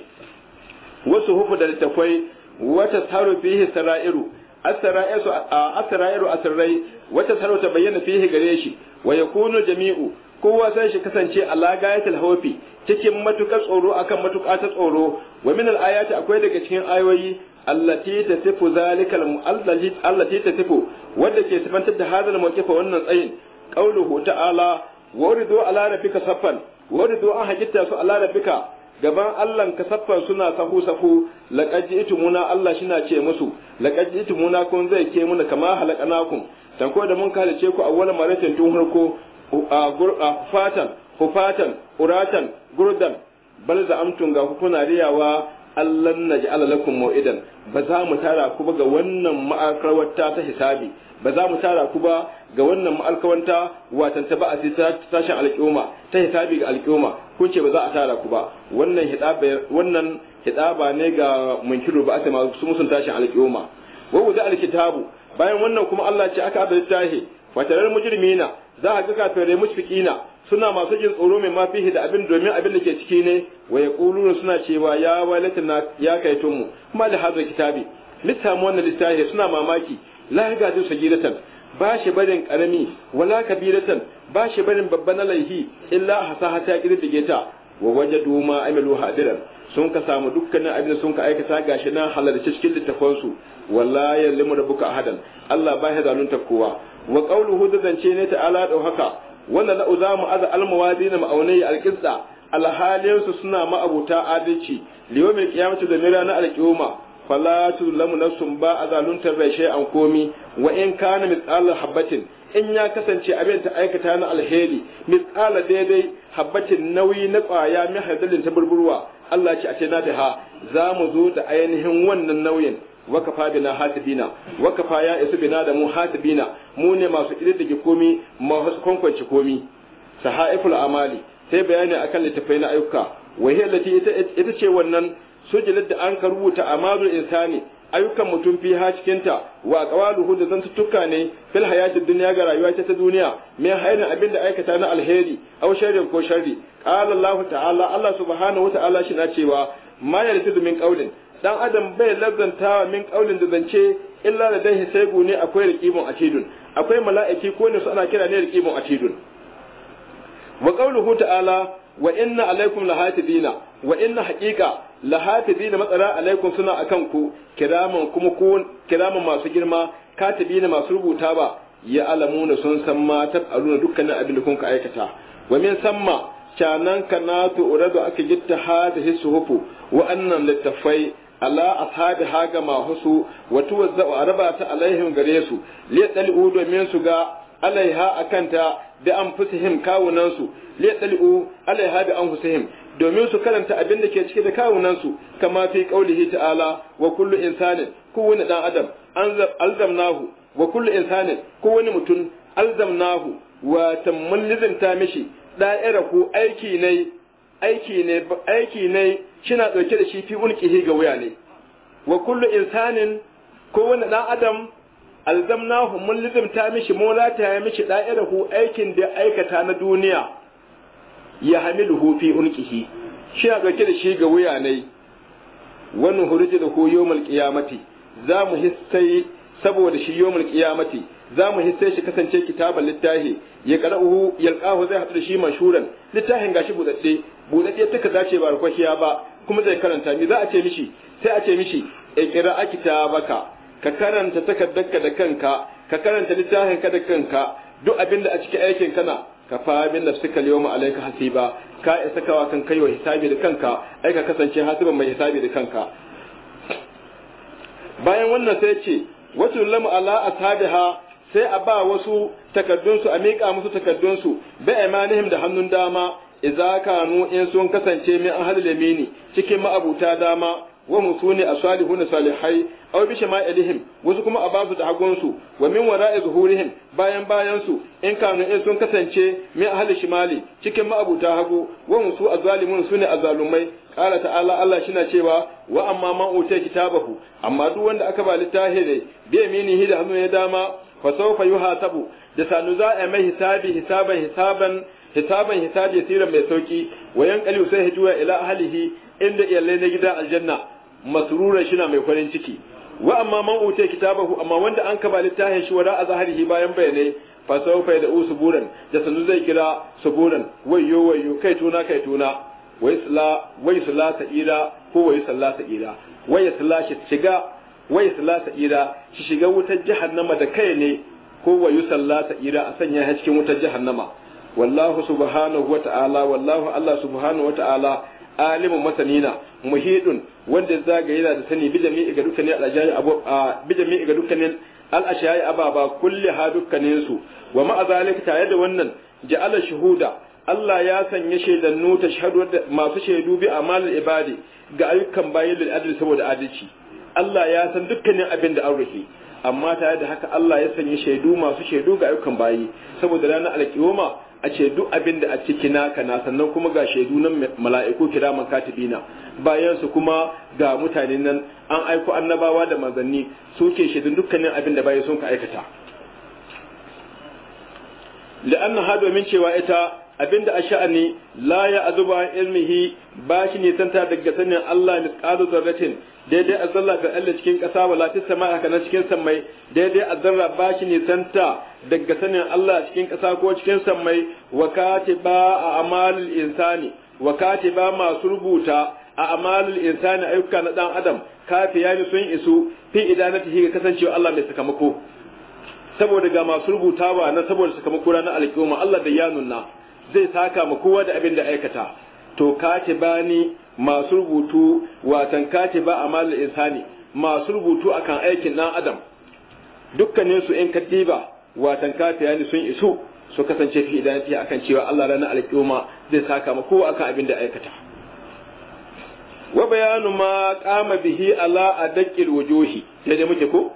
wasu hufu da littafai wata taru fihi sara'iru as wata ta bayyana fihi gare shi wa yakunu jami'u kowa sai shi kasance ala gayatul hawfi cikin matukar tsoro akan matuƙa ta tsoro wa min al-ayati akwai daga cikin ayoyi allati tasifu zalikal mu'allati allati tasifu wanda ke sifantar da hadal mawqifa wannan tsayin qauluhu ta'ala wa uridu ala rabbika saffan wa uridu an hajita su ala rabbika gaban Allah ka suna sahu sahu laqad muna Allah shina ce musu laqad muna kun zai ke muna kama halakanakum dan ko da mun kalice ku awwal maratin tun harko a fatan hufatan uratan gurdan bal amtun ga na riyawa Allah naj'al lakum mu'idan ba za mu tara ku ba ga wannan ma'akarwata ta hisabi ba za mu tara ku ba ga wannan ma'alkawanta watan ta ba a tashin alƙiyoma ta hisabi ga alƙiyoma kun ce ba za a tara ku ba wannan wannan hidaba ne ga munkiru ba a su musun tashin alƙiyoma wa wuda alkitabu bayan wannan kuma Allah ce aka abin tahi fatarar mujrimina za a ga kafirai musfikina suna masu jin tsoro mai mafihi da abin domin abin da ke ciki ne wa yaquluna suna cewa ya walatina ya kaitunmu mal hadha kitabi littamu wannan littafi suna mamaki la yagadu sagiratan ba shi barin karami wala kabiratan ba shi barin babban laihi illa hasaha ta da geta. wa wajadu ma amilu hadiran sun ka samu dukkanin abin sun ka aikata gashi nan halarci cikin littafin su wala yallimu rabbuka ahadan Allah ba ya zalunta kowa wa qawluhu zance ne ta da haka wala la uzamu az al qissa al halin su suna ma'abuta adalci liyawmil qiyamati da na alqiyama fala tulamu nafsun ba a zaluntar rai shay'an komi wa in kana misqal habatin in ya kasance abin ta aikata na alheri misqala daidai habatin nauyi na kwaya mai hadalin ta burburwa Allah ce a ce na ha za mu zo da ainihin wannan nauyin wakafa bina hasibina wakafa ya isu bina da mu hasibina mu ne masu kididdige komi masu kwankwanci komi sahaiful amali sai bayani akan littafai na ayyuka wa hiya ita ce wannan sujilat da an ka rubuta amalul insani ayyukan mutum fi ha cikin ta wa qawaluhu da zantuttuka ne fil hayati dunya ga rayuwa ta duniya min hayrin abin da aikata na alheri aw sharrin ko sharri qala Allah ta'ala Allah subhanahu wa ta'ala shi na cewa ma yaltidu min qaulin dan adam bai lazantawa min qaulin da zance illa da dai sai gune akwai riqibun atidun akwai mala'iki ko ne su ana kira ne riqibun atidun wa qawluhu ta'ala wa inna alaikum lahatibina wa inna haqiqa lahatibina matsara alaikum suna akan ku kiraman kuma ku kiraman masu girma katibina masu rubuta ba ya alamuna sun san ma tab'aluna dukkanin abin da kun ka aikata wa min samma canan kanatu uradu aka jitta hadhihi suhufu wa annan littafai ala ashabi haga ma husu wa tuwazza'u arabata alaihim gare su li domin su ga alaiha akanta bi anfusihim kawunansu li yadlu alaiha bi anfusihim domin su karanta abin da ke cike da kawunansu kama fi qaulihi ta'ala wa kullu insanin kowane dan adam alzamnahu wa kullu insanin kowane mutum alzamnahu wa tammalizin ta mishi da'ira ku aiki ne aiki ne aiki ne kina dauke da shi fi ulqihi ga wuya ne wa kullu insanin kowane dan adam alzamnahu mun lizimta mishi mola ta mishi da'irahu aikin da aikata na duniya ya hamiluhu fi unqihi shi a ɗauke da shi ga wuya ne wani hurji da ko yawmal qiyamati za hissai saboda shi yomul kiyamati za mu hissai shi kasance kitaban littahi ya qara'uhu yalqahu zai hadu shi mashuran littahin gashi budadde budadde tuka dace ba rukwashiya ba kuma zai karanta mi za a ce mishi sai a ce mishi ikra kitabaka ka karanta takardarka da kanka ka karanta littafin ka da kanka duk abin da a cikin aikin kana ka fa min nafsika al-yawma alayka hasiba ka isa kawa kan kai wa hisabi da kanka ai ka kasance hasiban mai hisabi da kanka bayan wannan sai ce wasu lamu ala ashabiha sai a ba wasu takaddunsu a miƙa musu takaddunsu bi imanihim da hannun dama idza kanu in sun kasance min ahlul yamini cikin ma'abuta dama wa mutuni asalihun salihai aw bi ilihim wasu kuma a basu da hagunsu wa min wara'i zuhurihim bayan bayan su in kanu in sun kasance mai ahli shimali cikin ma'abuta hagu wa musu azalimun sune azalumai qala ta'ala Allah shina cewa wa amma man utai kitabahu amma duk wanda aka ba littafi ne bi yaminihi da hannu ya dama fa sawfa yuhatabu da sanu za a mai hisabi hisaban hisaban hisaban hisabi sirran mai sauki wayan qalyu sai hijuwa ila ahlihi inda iyalai na gida aljanna masrura shi na mai farin ciki wa amma man uta kitabahu amma wanda an kaba littafin shi wara azharihi bayan bayane fa fa da suburan da sanu zai kira suburan wayyo wayyo kai tuna kai tuna wai sala wai sala ko wai sala sa'ira wai sala shi shiga wai sala sa'ira shi shiga wutar jahannama da kai ne ko wayu sala sa'ira a sanya shi cikin wutar jahannama wallahu subhanahu wa ta'ala wallahu Allah subhanahu wa ta'ala alimin masanina muhidun wanda zaga yana da sani bi ga dukkanin al'ajani abu ababa kulli ha dukkanin su wa ma'azalika tare da wannan ja'ala shuhuda Allah ya sanya shaidannu ta shahadu masu shaidu bi amalul ibadi ga ayyukan bayin lil adl saboda adalci Allah ya san dukkanin abin da an rufe amma tare da haka Allah ya sanya shaidu masu shaidu ga ayyukan bayi saboda ranar alkiyoma a ce duk abin da a ciki naka na sannan kuma ga shaidu nan mala'iku kiraman katibina bayan su kuma ga mutane nan an aiko annabawa da manzanni suke shaidun dukkanin abin da bayan sun ka aikata la'anna ha domin cewa ita abinda a sha'ani la ya azuba ilmihi ba shi ne santa daga sanin Allah misqalu zarratin daidai a zarra fi Allah cikin ƙasa wala sama sama'a kana cikin sammai daidai a zarra ba shi ne santa daga sanin Allah cikin ƙasa ko cikin sammai wa katiba a amalul insani wa katiba masu rubuta a amalul insani ayyuka na dan adam kafi ne sun isu fi idanatihi ga kasancewa Allah mai sakamako saboda ga masu rubutawa na saboda sakamako na alƙiyama Allah da ya nuna zai saka ma kowa da abin da aikata to katibani masu rubutu watan katiba amal insani masu rubutu akan aikin dan adam dukkanin su in katiba watan katibani sun isu su kasance fi idanati akan cewa Allah ranar al-qiyama zai saka ma kowa akan abin da aikata wa bayanu ma qama bihi ala adqil wujuhi daidai muke ko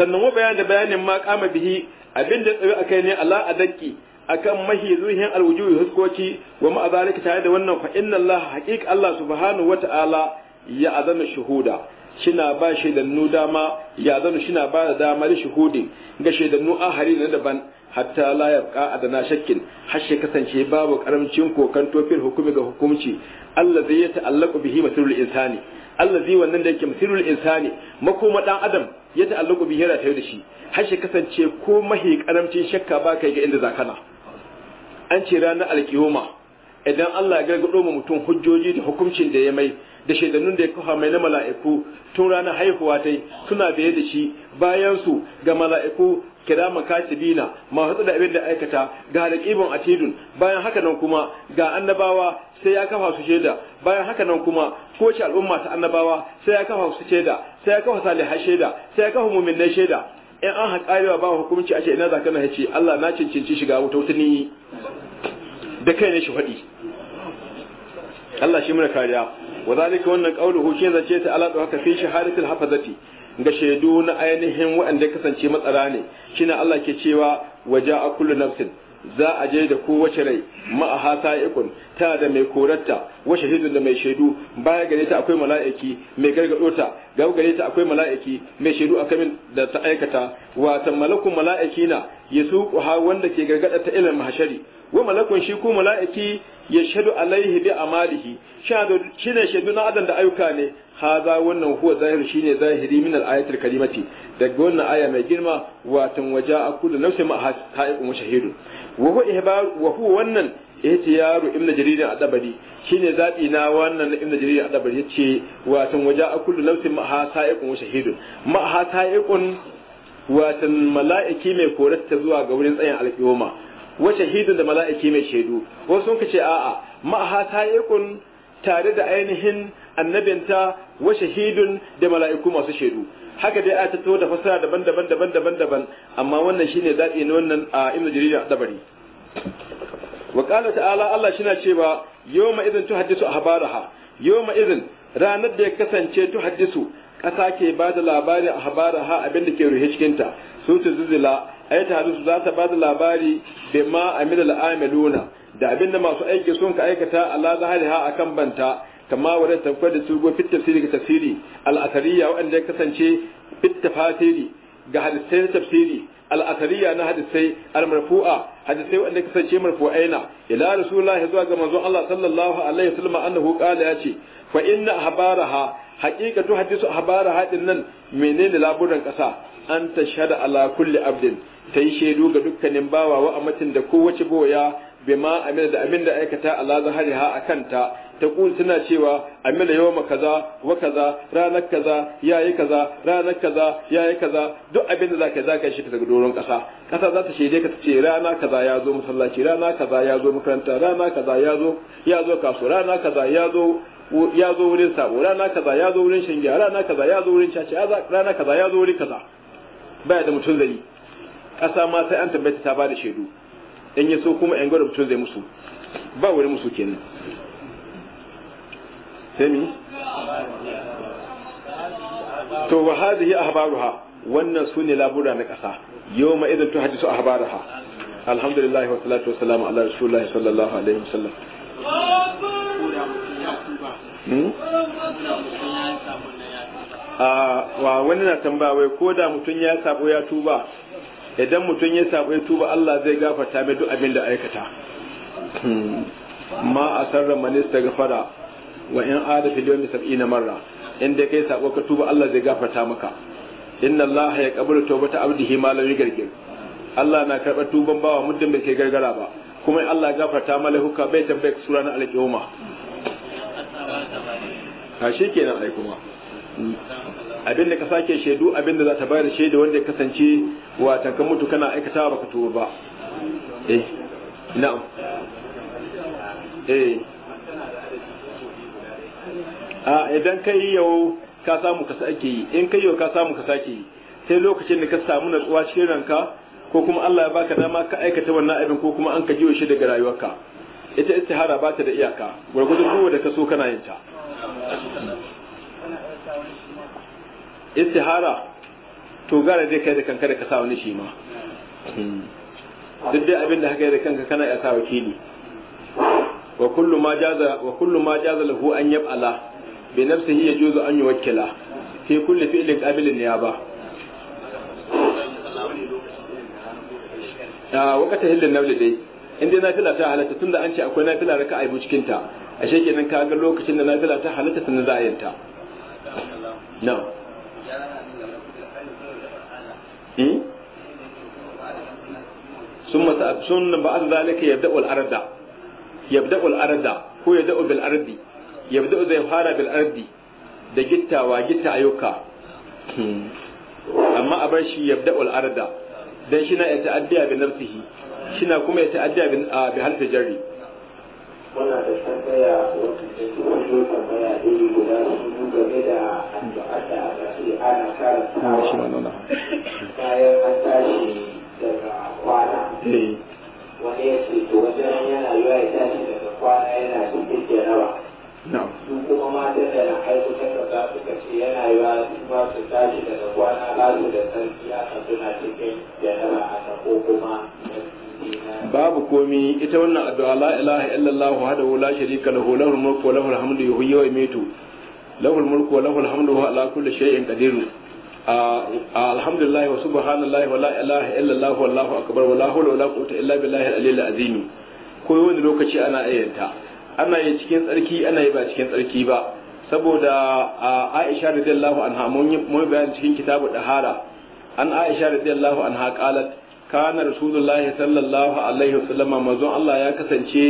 sannan wa bayanin da bayanin ma qama bihi abin da tsaye akai ne ala adqi akan mahi zuhin alwujuhi huskoci wa ma zalika tare da wannan fa inna Allah haqiqa Allah subhanahu Ta'ala ya azama shuhuda shina ba nu dama ya zanu shina ba da dama da shuhudi ga shaidannu ahari na daban hatta la yabqa adana shakkin har kasance babu karamcin kokan tofin hukumi ga hukumci allazi ya ta'allaqu bihi masirul insani allazi wannan da yake masirul insani makoma dan adam ya ta'allaqu bihi ra tayi da shi har kasance ko mahi karamcin shakka ba kai ga inda zakana an ce ranar alkiyoma idan Allah ya gargado mu mutum hujjoji da hukuncin da ya mai da shaidanun da ya kafa mai na mala'iku tun ranar haihuwa tai suna biye da shi bayan su ga mala'iku kirama na masu da abin da aikata ga raqibun atidun bayan haka nan kuma ga annabawa sai ya kafa su shaida bayan haka nan kuma ko al'umma ta annabawa sai ya kafa su shaida sai ya kafa salihai shaida sai ya kafa mu'minai shaida in an yawa ba hukunci a ce ina za ka na ce Allah na cancanci shiga wuta wuta ni da kai ne shi faɗi Allah shi muna kariya wa zalika wannan qauluhu shi zace ta ala haka fi shahadatil hafazati ga shaidu na ainihin waɗanda kasance matsara ne shine Allah ke cewa a kullu nafsin za a je da kowace rai ma'aha ikon ta da mai korarta wa shahidun da mai shaidu baya gare ta akwai mala'iki mai gargado ta ga gare ta akwai mala'iki mai shaidu kamin da ta aikata wa malakun mala'iki mala'ikina yasuqu ha wanda ke gargada ta ilal mahshari wa malakun shi ko mala'iki ya shaidu alaihi bi amalihi shine shaidu na adam da ayyuka ne haza wannan huwa zahir shine zahiri min al-ayatul karimati daga wannan aya mai girma watan waja akulu nafsi ma ha'iqun mushahidu wa huwa ihbar wa huwa wannan ihtiyaru yaro jarir al adabi shine zabi na wannan ibn jarir al adabi yace watan waja akulu nafsi ma ha'iqun mushahidu ma ha'iqun watan mala'iki mai korata zuwa ga wurin tsayin al-qiyama wa shahidu da mala'iki mai shaidu wasu sun kace a'a ma ha'iqun tare da ainihin annabinta wa shahidun da mala'iku masu shaidu haka dai a tattauna da fasara daban-daban daban-daban daban amma wannan shine zaɓi na wannan a ibnu jarir dabari wa qala ta'ala Allah shina cewa yawma idin tuhaddisu ahbaraha yawma idin ranar da ya kasance tuhaddisu ƙasa ke ba da labari a ha abin da ke ruhe cikinta su ta zuzula a yi za ta ba da labari bima amilal amiluna da abinda masu aiki sun ka aikata ala zahariha akan banta kama wadda tafkar da turgo fit tafsiri ga tafsiri al'asariya waɗanda ya kasance fit tafatiri ga hadisai na tafsiri al'asariya na hadisai al-marfu'a hadisai waɗanda ya kasance marfu'aina ila rasulullah zuwa ga manzon Allah sallallahu alaihi wasallam annahu qala yace fa inna habaraha haqiqatu hadisu habaraha din nan menene laburan kasa an tashhada ala kulli abdin tayi shaidu ga dukkanin bawa wa amatin da kowace boya bima amina da abin da aikata Allah zahariha a kanta ta kun suna cewa amila yawma kaza wa kaza ranar kaza yayi kaza ranar kaza yayi kaza duk abin da zaka zaka shi daga doron kasa kasa za ta shaidai ka ce rana kaza ya zo masallaci rana kaza ya zo makaranta rana kaza ya zo ya zo kasuwa rana kaza ya zo ya zo wurin sabo rana kaza ya zo wurin shinge rana kaza ya zo wurin caci rana kaza ya zo wurin kaza baya da mutum zai kasa ma sai an tambaye ta ba da shaidu in ya so kuma yan gwada mutum zai musu ba wani musu kenan sai mi to wa hadhihi ahbaruha wannan ne labura na yau ma idan tu hadisu ahbaraha alhamdulillah wa salatu wa salamu ala rasulillah sallallahu alaihi wasallam hmm? ah, wa wani na tambaya ko da mutum ya sabo ya tuba idan mutum ya saba ya tuba Allah zai gafarta mai duk abin da aikata hmm. ma a sarra manista gafara wa in ada na yawmi sab'ina marra inda kai sabo ka tuba Allah zai gafarta maka inna Allah ya qabulu tawbata abdihi ma lam yugargir Allah na karɓar tuban bawa muddin bai kai gargara ba kuma Allah ya gafarta malahuka bai tambaye sura na alƙiyoma ai kuma hmm. abin da ka sake shaidu abin da za ta bayar shaidu wanda ya kasance wa tankan mutu kana aikata ba ka tuwo ba eh na'am eh a idan yi yau ka samu ka sake yi in ka yi yau ka samu ka sake yi sai lokacin da ka samu natsuwa cikin ranka ko kuma Allah ya baka dama ka aikata wannan abin ko kuma an ka jiwo shi daga rayuwarka ita istihara ba ta da iyaka gwargwadon kowa da ka so kana yin ta istihara to gara dai kai da kanka da ka sa wani shi ma duk dai abin da haka da kanka kana ya sa wakili wa kullu ma jaza wa kullu ma jaza lahu an yab'ala bi nafsihi yajuzu an yuwakkila fi kulli fi'lin qabilin niyaba ta wakata hillin nawli dai inda nafila ta halatta tunda an ce akwai nafila raka aibu cikin ta ashe kenan ka ga lokacin da nafila ta halatta tunda za a yanta na'am sun ba'ad zalika yabda'u al-arda yabda'u arda ko yabda'u bil ardi yabda'u zai fara bil ardi da gittawa gitta ayyuka amma a bar shi yabda'u arda don shi na ya ta'addiya bi nafsihi shi na kuma ya ta'addiya bi halta jarri wannan da tambaya wata tambaya iri guda game da addu'a da aka ana karantawa bayan an tashi daga kwana eh. wani ya ce to wajen yana yiwa ya tashi daga kwana yana cikin jaraba su kuma matan da na haihu ta kaza suka ce yana yiwa su su tashi daga kwana lasu da sarki a suna cikin jaraba a ko kuma babu komi ita wannan addu'a la ilaha illallah wahdahu la sharika lahu lahul mulku wa lahul hamdu yuhyi wa yumiitu له الملك wa الحمد وهو wa ala شيء قدير الحمد لله وسبحان الله ولا اله الا الله والله اكبر ولا حول ولا قوه الا بالله illa العظيم كل aliyyil لوكشي ko wani lokaci ana ayyanta ana yi cikin tsarki ana yi ba cikin tsarki ba saboda Aisha radiyallahu anha mun yi bayan cikin kitabu dahara an Aisha radiyallahu anha qalat kana rasulullahi sallallahu alaihi wasallam manzon Allah ya kasance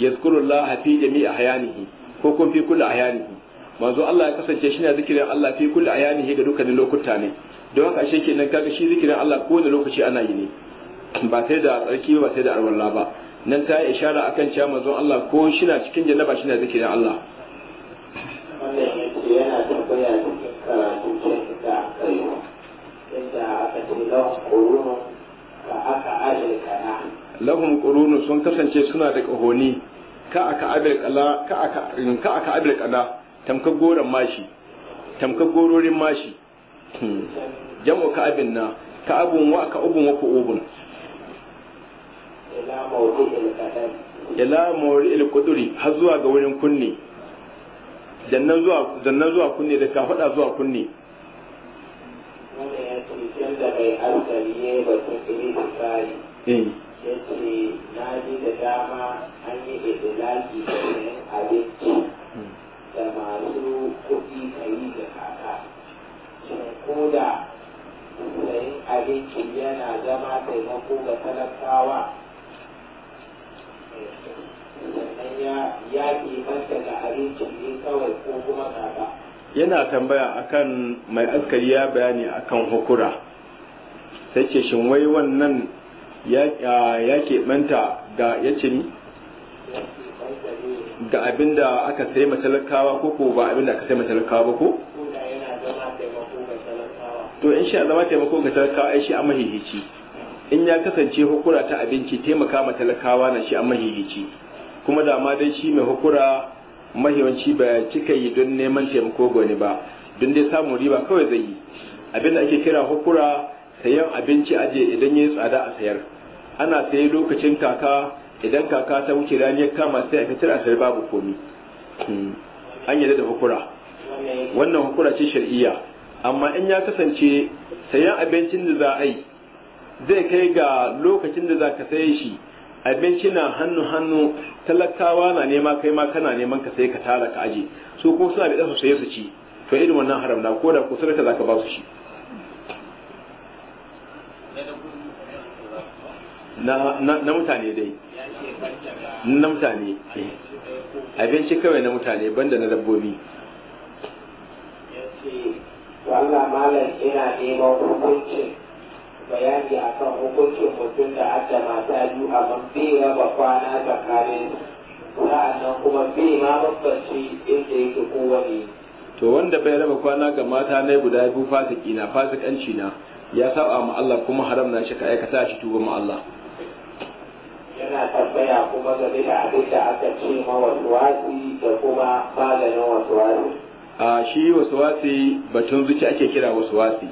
yazkurullaha fi jami'i ahyanihi ko kun fi kulli ahyanihi manzo Allah ya kasance shi na zikirin Allah fi kulli ayani ga dukkanin lokuta ne don haka ashe nan kaga shi zikirin Allah ko da lokaci ana yi ne ba sai da tsarki ba sai da arwalla ba nan ta yi ishara akan cewa manzo Allah ko shi na cikin jannaba shi na zikirin Allah yana tambaya da aka aka lahum qurunu sun kasance suna da kahoni ka aka abil kala ka aka ka aka abil tamkar goron mashi tamkar gororin mashi jam'u ka abin na ka abun wa ka ubun wa ku ubun ila mawri il kuduri har zuwa ga wurin kunne dannan zuwa dannan zuwa kunne da ka faɗa zuwa kunne Eh. mai hankali ya yi na ji da dama an yi idilaki da masu kuɗi ka yi da kaka shin ko da sayin abinci yana zama taimako ga talakawa sannan ya kimanta ga abinci ne kawai ko kuma kaka yana tambaya akan mai askari ya bayani akan hukura sai ce shin wai wannan ya keɓanta da ya ce ni? ga abin da aka sai matalakawa ko ko ba abin da aka sai matalakawa ba ko? to in sha zama taimako ga talakawa ai shi a mahihici in ya kasance hukura ta abinci taimaka ma talakawa na shi a mahihici kuma da ma dai shi mai hukura mahiyanci ba cika yi don neman taimako ga wani ba don dai samun riba kawai zai yi abin ake kira hukura sayan abinci aje idan ya yi tsada a sayar ana sayi lokacin kaka idan kaka ta wuce rani ya kama sai a fitar a babu komi an yadda da hukura wannan hukura ce shar'iyya amma in ya kasance sayan abincin da za a yi zai kai ga lokacin da za ka saye shi abinci na hannu hannu talakawa na nema kai ma kana neman ka sai ka tara ka aje su ko suna da dafa, saye su ci to irin wannan haram na ko da ko sarka za ka ba su shi na mutane dai na mutane abinci kawai na mutane banda na dabbobi wallah malam ina neman hukuncin bayani akan hukuncin mutum da adda mata biyu amma bai raba kwana tsakanin sa'annan kuma bai ma babbace inda yake kowane to wanda bai raba kwana ga mata na guda biyu fasiki na fasikanci na ya saba ma Allah kuma haram na shi ka aikata shi tuba ma Allah yana tambaya kuma game da abin da aka ce ma wasu wasi da kuma maganin wasu wasuwasi a shi wasu wasi batun zuci ake kira wasu Abin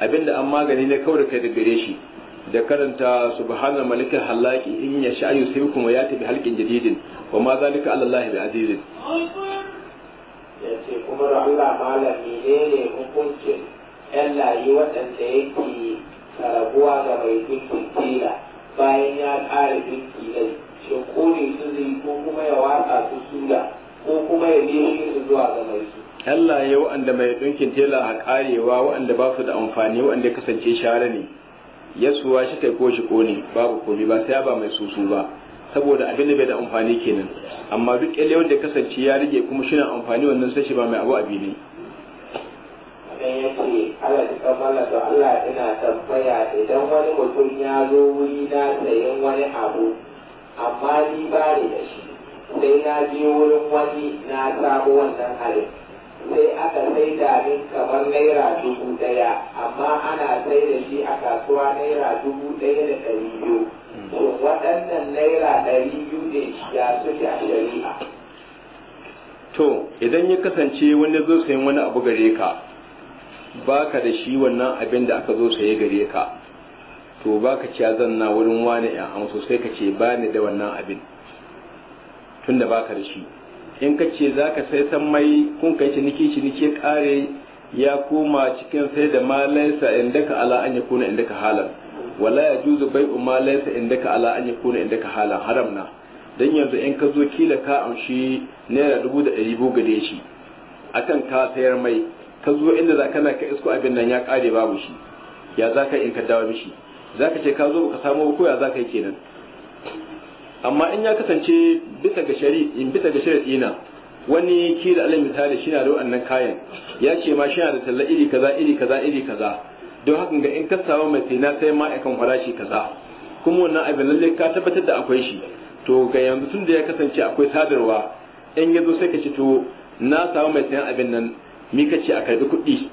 abinda an magani ne kawai kai da gare shi da karanta subhanal Malikin halaki in ya sha sai kuma ya tafi halkin jadidin wa ma zalika allah bi azizin yace kuma da Allah malami ne ne hukuncin yan layi waɗanda yake karabuwa ga mai dinkin tila bayan ya ƙara dinki ne shi kone su zai ko kuma ya watsa su suna ko kuma ya nemi su zuwa ga mai su Allah ya wa'anda mai ɗinkin tela a ƙarewa wa'anda ba su da amfani wa'anda kasance share ne ya suwa shi kai ko shi kone babu komai ba sai ya ba mai susu ba saboda abin da bai da amfani kenan amma duk ƙyalle wanda kasance ya rige kuma shi na amfani wannan sai shi ba mai abu abi ne nan ya ce ala cikin mala to Allah ina tambaya idan wani mutum ya zo wuri na sayin wani abu amma ni ba ni da shi sai na je wurin wani na samu wannan abin sai aka sai da min kamar naira dubu daya amma ana sai da shi a kasuwa naira dubu daya da ɗari biyu to waɗannan naira ɗari biyu ne ya suke a shari'a to idan ya kasance wani zo sayan wani abu gare ka baka da shi wannan abin da aka zo saye gare ka to baka ci zanna wurin wani ya amsu sai ka ce ba ni da wannan abin tunda baka da shi in ka ce za ka sai san mai kun kai ciniki ciniki kare ya koma cikin sai da malaisa inda ka ala an yakuna inda ka halan wala ya juzu bai ma laisa inda ka ala an yakuna inda ka halan haram na dan yanzu in ka zo kila ka amshi naira dubu da ɗari gare shi akan ka sayar mai ka zo inda za kana ka isko abin nan ya kare babu shi ya za ka in ka dawo mishi za ka ce ka zo ka samu ko ya za ka yi kenan amma in ya kasance bisa ga shari'i bisa ga shari'i na wani kila alal misali shi na da wannan kayan ya ce ma shi na da talla iri kaza iri kaza iri kaza don hakan ga in ka samu mai sai sai ma fara farashi kaza kuma wannan abin lalle ka tabbatar da akwai shi to ga yanzu tun da ya kasance akwai sadarwa in ya zo sai ka ce to na samu mai sayan abin nan mi ka ce a karbi kuɗi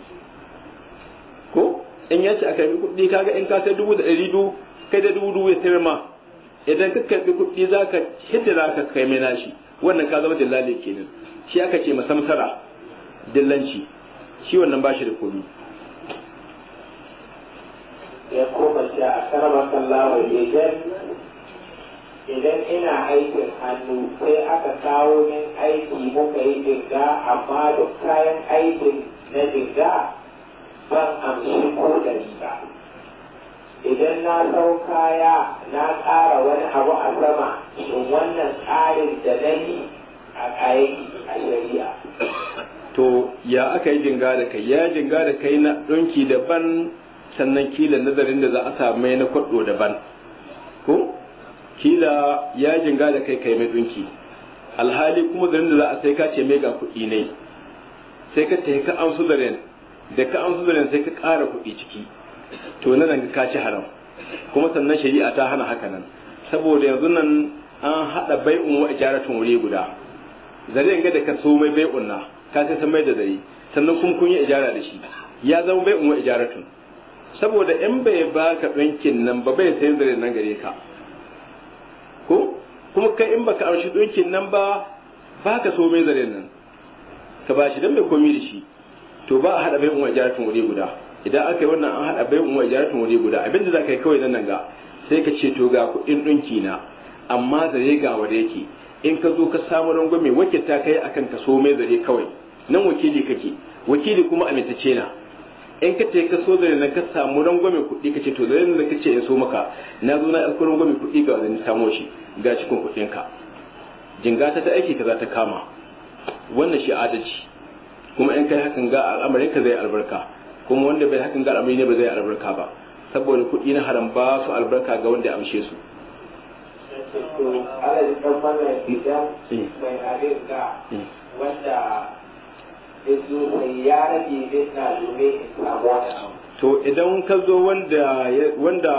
ko in ya ce a karbi kuɗi kaga in ka sai dubu da ɗari biyu kai da dubu dubu ya sayar ma idan ka karbi kuɗi za ka hidda za ka kai mai nashi wannan ka zama dillali kenan shi aka ce masamsara dillanci shi wannan ba shi da komi ya koma shi a karama sallawa ya idan ina aikin hannu sai aka kawo min aiki muka yi dinga, amma duk kayan aikin na dinga ban amshi ko da ba idan na sau kaya na ƙara wani abu a sama shin wannan tsarin da na yi a kayan a shari'a to ya aka yi dinga da kai ya dinga da kai na ɗunki daban sannan kila nazarin da za a samu na kwaɗo daban ko kila ya jinga da kai kai mai dunki alhali kuma garin da za a sai ka ce mai ga kuɗi ne sai ka tafi ka an su da da ka an su da sai ka ƙara kuɗi ciki to nan ka ci haram kuma sannan shari'a ta hana haka nan saboda yanzu nan an haɗa bai'un wa ijaratun wuri guda zare ga da ka so mai bai'un na ka sai san mai da zare sannan kuma kun yi ijara da shi ya zama bai'un wa ijaratun saboda in bai baka ɗinkin nan ba bai sai zare nan gare ka ko kuma kai in baka amshi ɗinkin nan ba ba ka so mai zaren nan ka ba shi dan mai komi da shi to ba a haɗa bai umar jaratun wuri guda idan aka yi wannan an hada bai umar jaratun wuri guda abinda za ka yi kawai nan ga sai ka ce to ga kuɗin ɗinki na amma zare ga wanda yake in ka zo ka samu rangwame wake ta kai akan ka so mai zare kawai nan wakili kake wakili kuma amintace na in ka ce ka so zare nan ka samu rangwame kuɗi ka ce to zai nan ka ce in so maka na zo na ɗauko rangwame kuɗi ga wani samo shi ga cikin kuɗin ka jinga ta aiki ka za ta kama wannan shi adalci kuma in kai hakan ga al'amarin ka zai albarka kuma wanda bai hakan ga al'amarin ne ba zai albarka ba saboda kuɗi na haram ba su albarka ga wanda ya amshe su ɗan mai ga. Mm. wanda to idan ka zo wanda wanda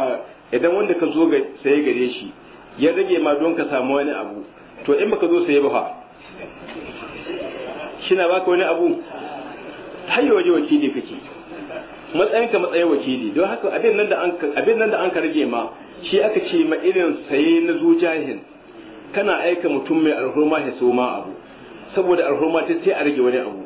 idan wanda ka zo ga sai gare shi ya rage ma don ka samu wani abu to in baka zo sai ba fa shina baka wani abu hayya waje wakili kake matsayin ka matsayin wakili don haka abin nan da an abin nan da an ka rage ma shi aka ce ma irin saye na zujahin kana aika mutum mai alhurma ya so ma abu saboda alhurma ta sai a rage wani abu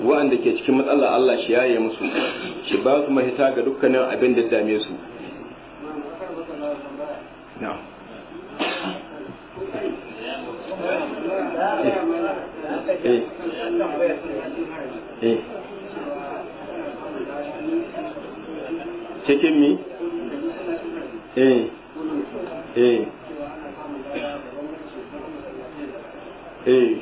wa'anda ke cikin matsala Allah shi yaye musu shi ba su mahita ga dukkanin abin da dame su eh. Eh. cikin mi? eh eh, eh.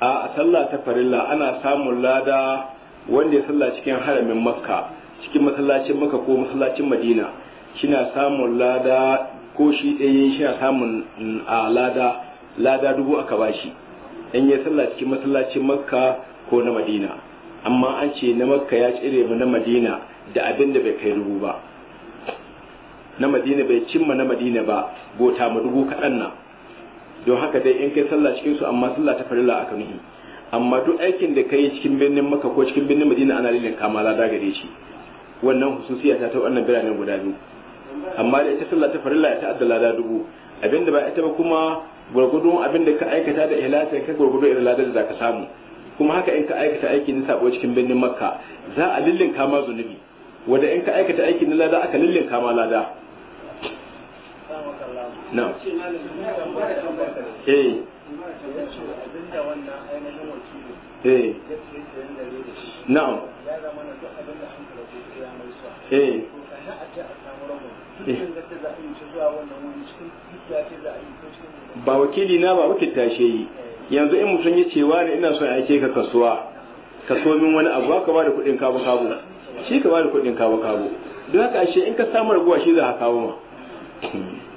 a sallah ta farilla ana samun lada wanda ya sallah cikin haramin makka cikin masallacin makka ko masallacin madina shina samun lada ko shi ɗaya shina samun mm, a lada lada dubu aka bashi in ya sallah cikin masallacin makka ko na madina amma an ce na makka ya cire mu na madina da abin da bai kai dubu ba na madina bai cimma na madina ba gota mu dubu kaɗan nan don haka dai in kai sallah cikin su amma sallah ta farilla aka nuhi amma duk aikin da kai cikin birnin makka ko cikin birnin madina ana lilin kamala da gare shi wannan hususiya ta ta wannan biranen guda biyu amma da ita sallah ta farilla ta addala da dubu abinda ba ita ba kuma gurgudun abinda ka aikata da ihlasa ka gurgudu irin ladar da ka samu kuma haka in ka aikata aiki na sabo cikin birnin makka za a lillinka kama zunubi wanda in ka aikata aiki na lada aka lillinka kama lada Eh. na eh. eh. ba wakili na ba wakil tashe yi yanzu in mutum ya cewa ne ina son aike ka kasuwa ka min wani abu ka ba da kuɗin kabo kabo shi ka ba da kuɗin kabo kabo don haka ashe in ka samu raguwa shi za ka kawo ma hmm.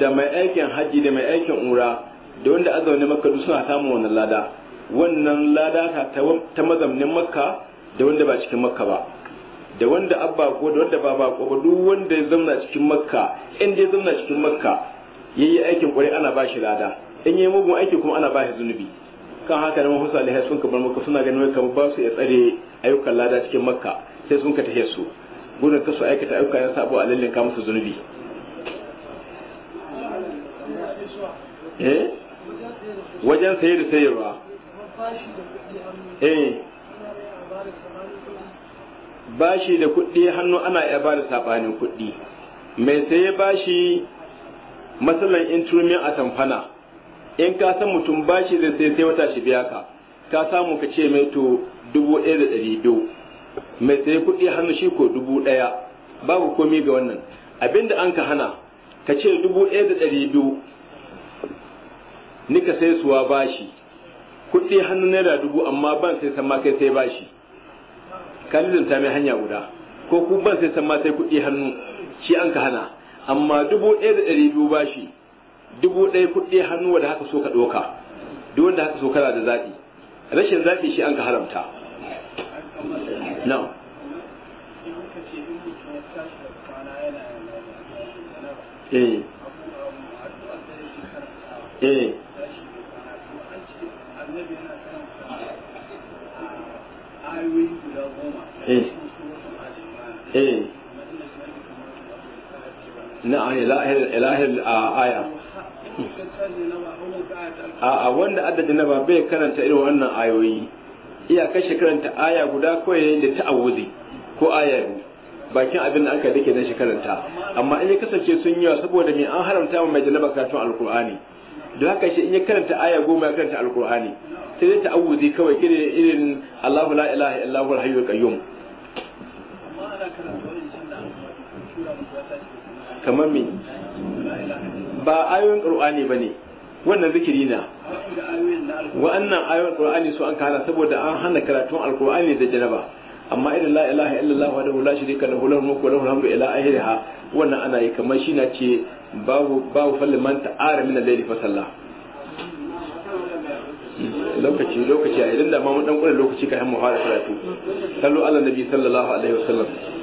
da mai aikin haji da mai aikin ura da wanda a zaune makka duk suna samun wannan lada wannan lada ta mazamnin makka da wanda ba cikin makka ba da wanda abba ko da wanda ba ba ko ba duk wanda ya zauna cikin makka in dai zauna cikin makka yi aikin kwarai ana ba shi lada in yi mugun aiki kuma ana ba shi zunubi kan haka ne mahusa alaihi sun kamar makka suna ganin kamar ba su ya tsare ayyukan lada cikin makka sai sun ka tahiyar su gudun ka su aikata ayyuka na sabo a lallin ka musu zunubi eh? wajen saye da sayarwa eh bashi da kuɗi hannu ana iya ba da saɓanin kuɗi mai saye bashi matsalan inturmin a tamfana in ka san mutum bashi da sai sai wata shi biya ka ka samu ka ce mai to dubu ɗaya da ɗari biyu mai tsaye kuɗi hannu shi ko dubu ɗaya babu komi ga wannan abinda an ka hana ka ce dubu ɗaya da ɗari biyu ni ka sai suwa bashi kuɗi hannu naira dubu amma ban sai san ma kai sai bashi kalilin ta mai hanya guda ko ku ban sai san ma sai kuɗi hannu shi an ka hana amma dubu ɗaya da ɗari biyu bashi dubu ɗaya kuɗi hannu wanda haka so ka ɗoka duk wanda haka so kana da zaɓi rashin zaɓi shi an ka haramta na'am eh eh eh, eh. na'am ah, ilahil ah, aya a ah, wanda adadin na ba bai karanta iri wannan ayoyi Iya kashe karanta aya guda ko yayin da ta'awuzi ko aya bakin abin da aka dake nan karanta. amma in ya kasance sun yi saboda me an haramta mai janaba karatu alqur'ani don haka shi in ya karanta aya goma ya karanta alqur'ani sai dai ta'awuzi kawai kire irin Allahu la ilaha illa al hayyul qayyum kamar me ba ayoyin qur'ani bane wannan zikiri na wa'annan ayoyin qur'ani su an kana saboda an hana karatun alqur'ani da janaba amma irin la ilaha illallah wa la sharika lahu lahul mulku wa lahul hamdu ila akhiriha wannan ana yi kamar shi na ce babu babu falman ta'ara min al-layli fa salla lokaci lokaci a idan da ma mun dan kula lokaci ka mu fara karatu sallu ala nabi sallallahu alaihi wasallam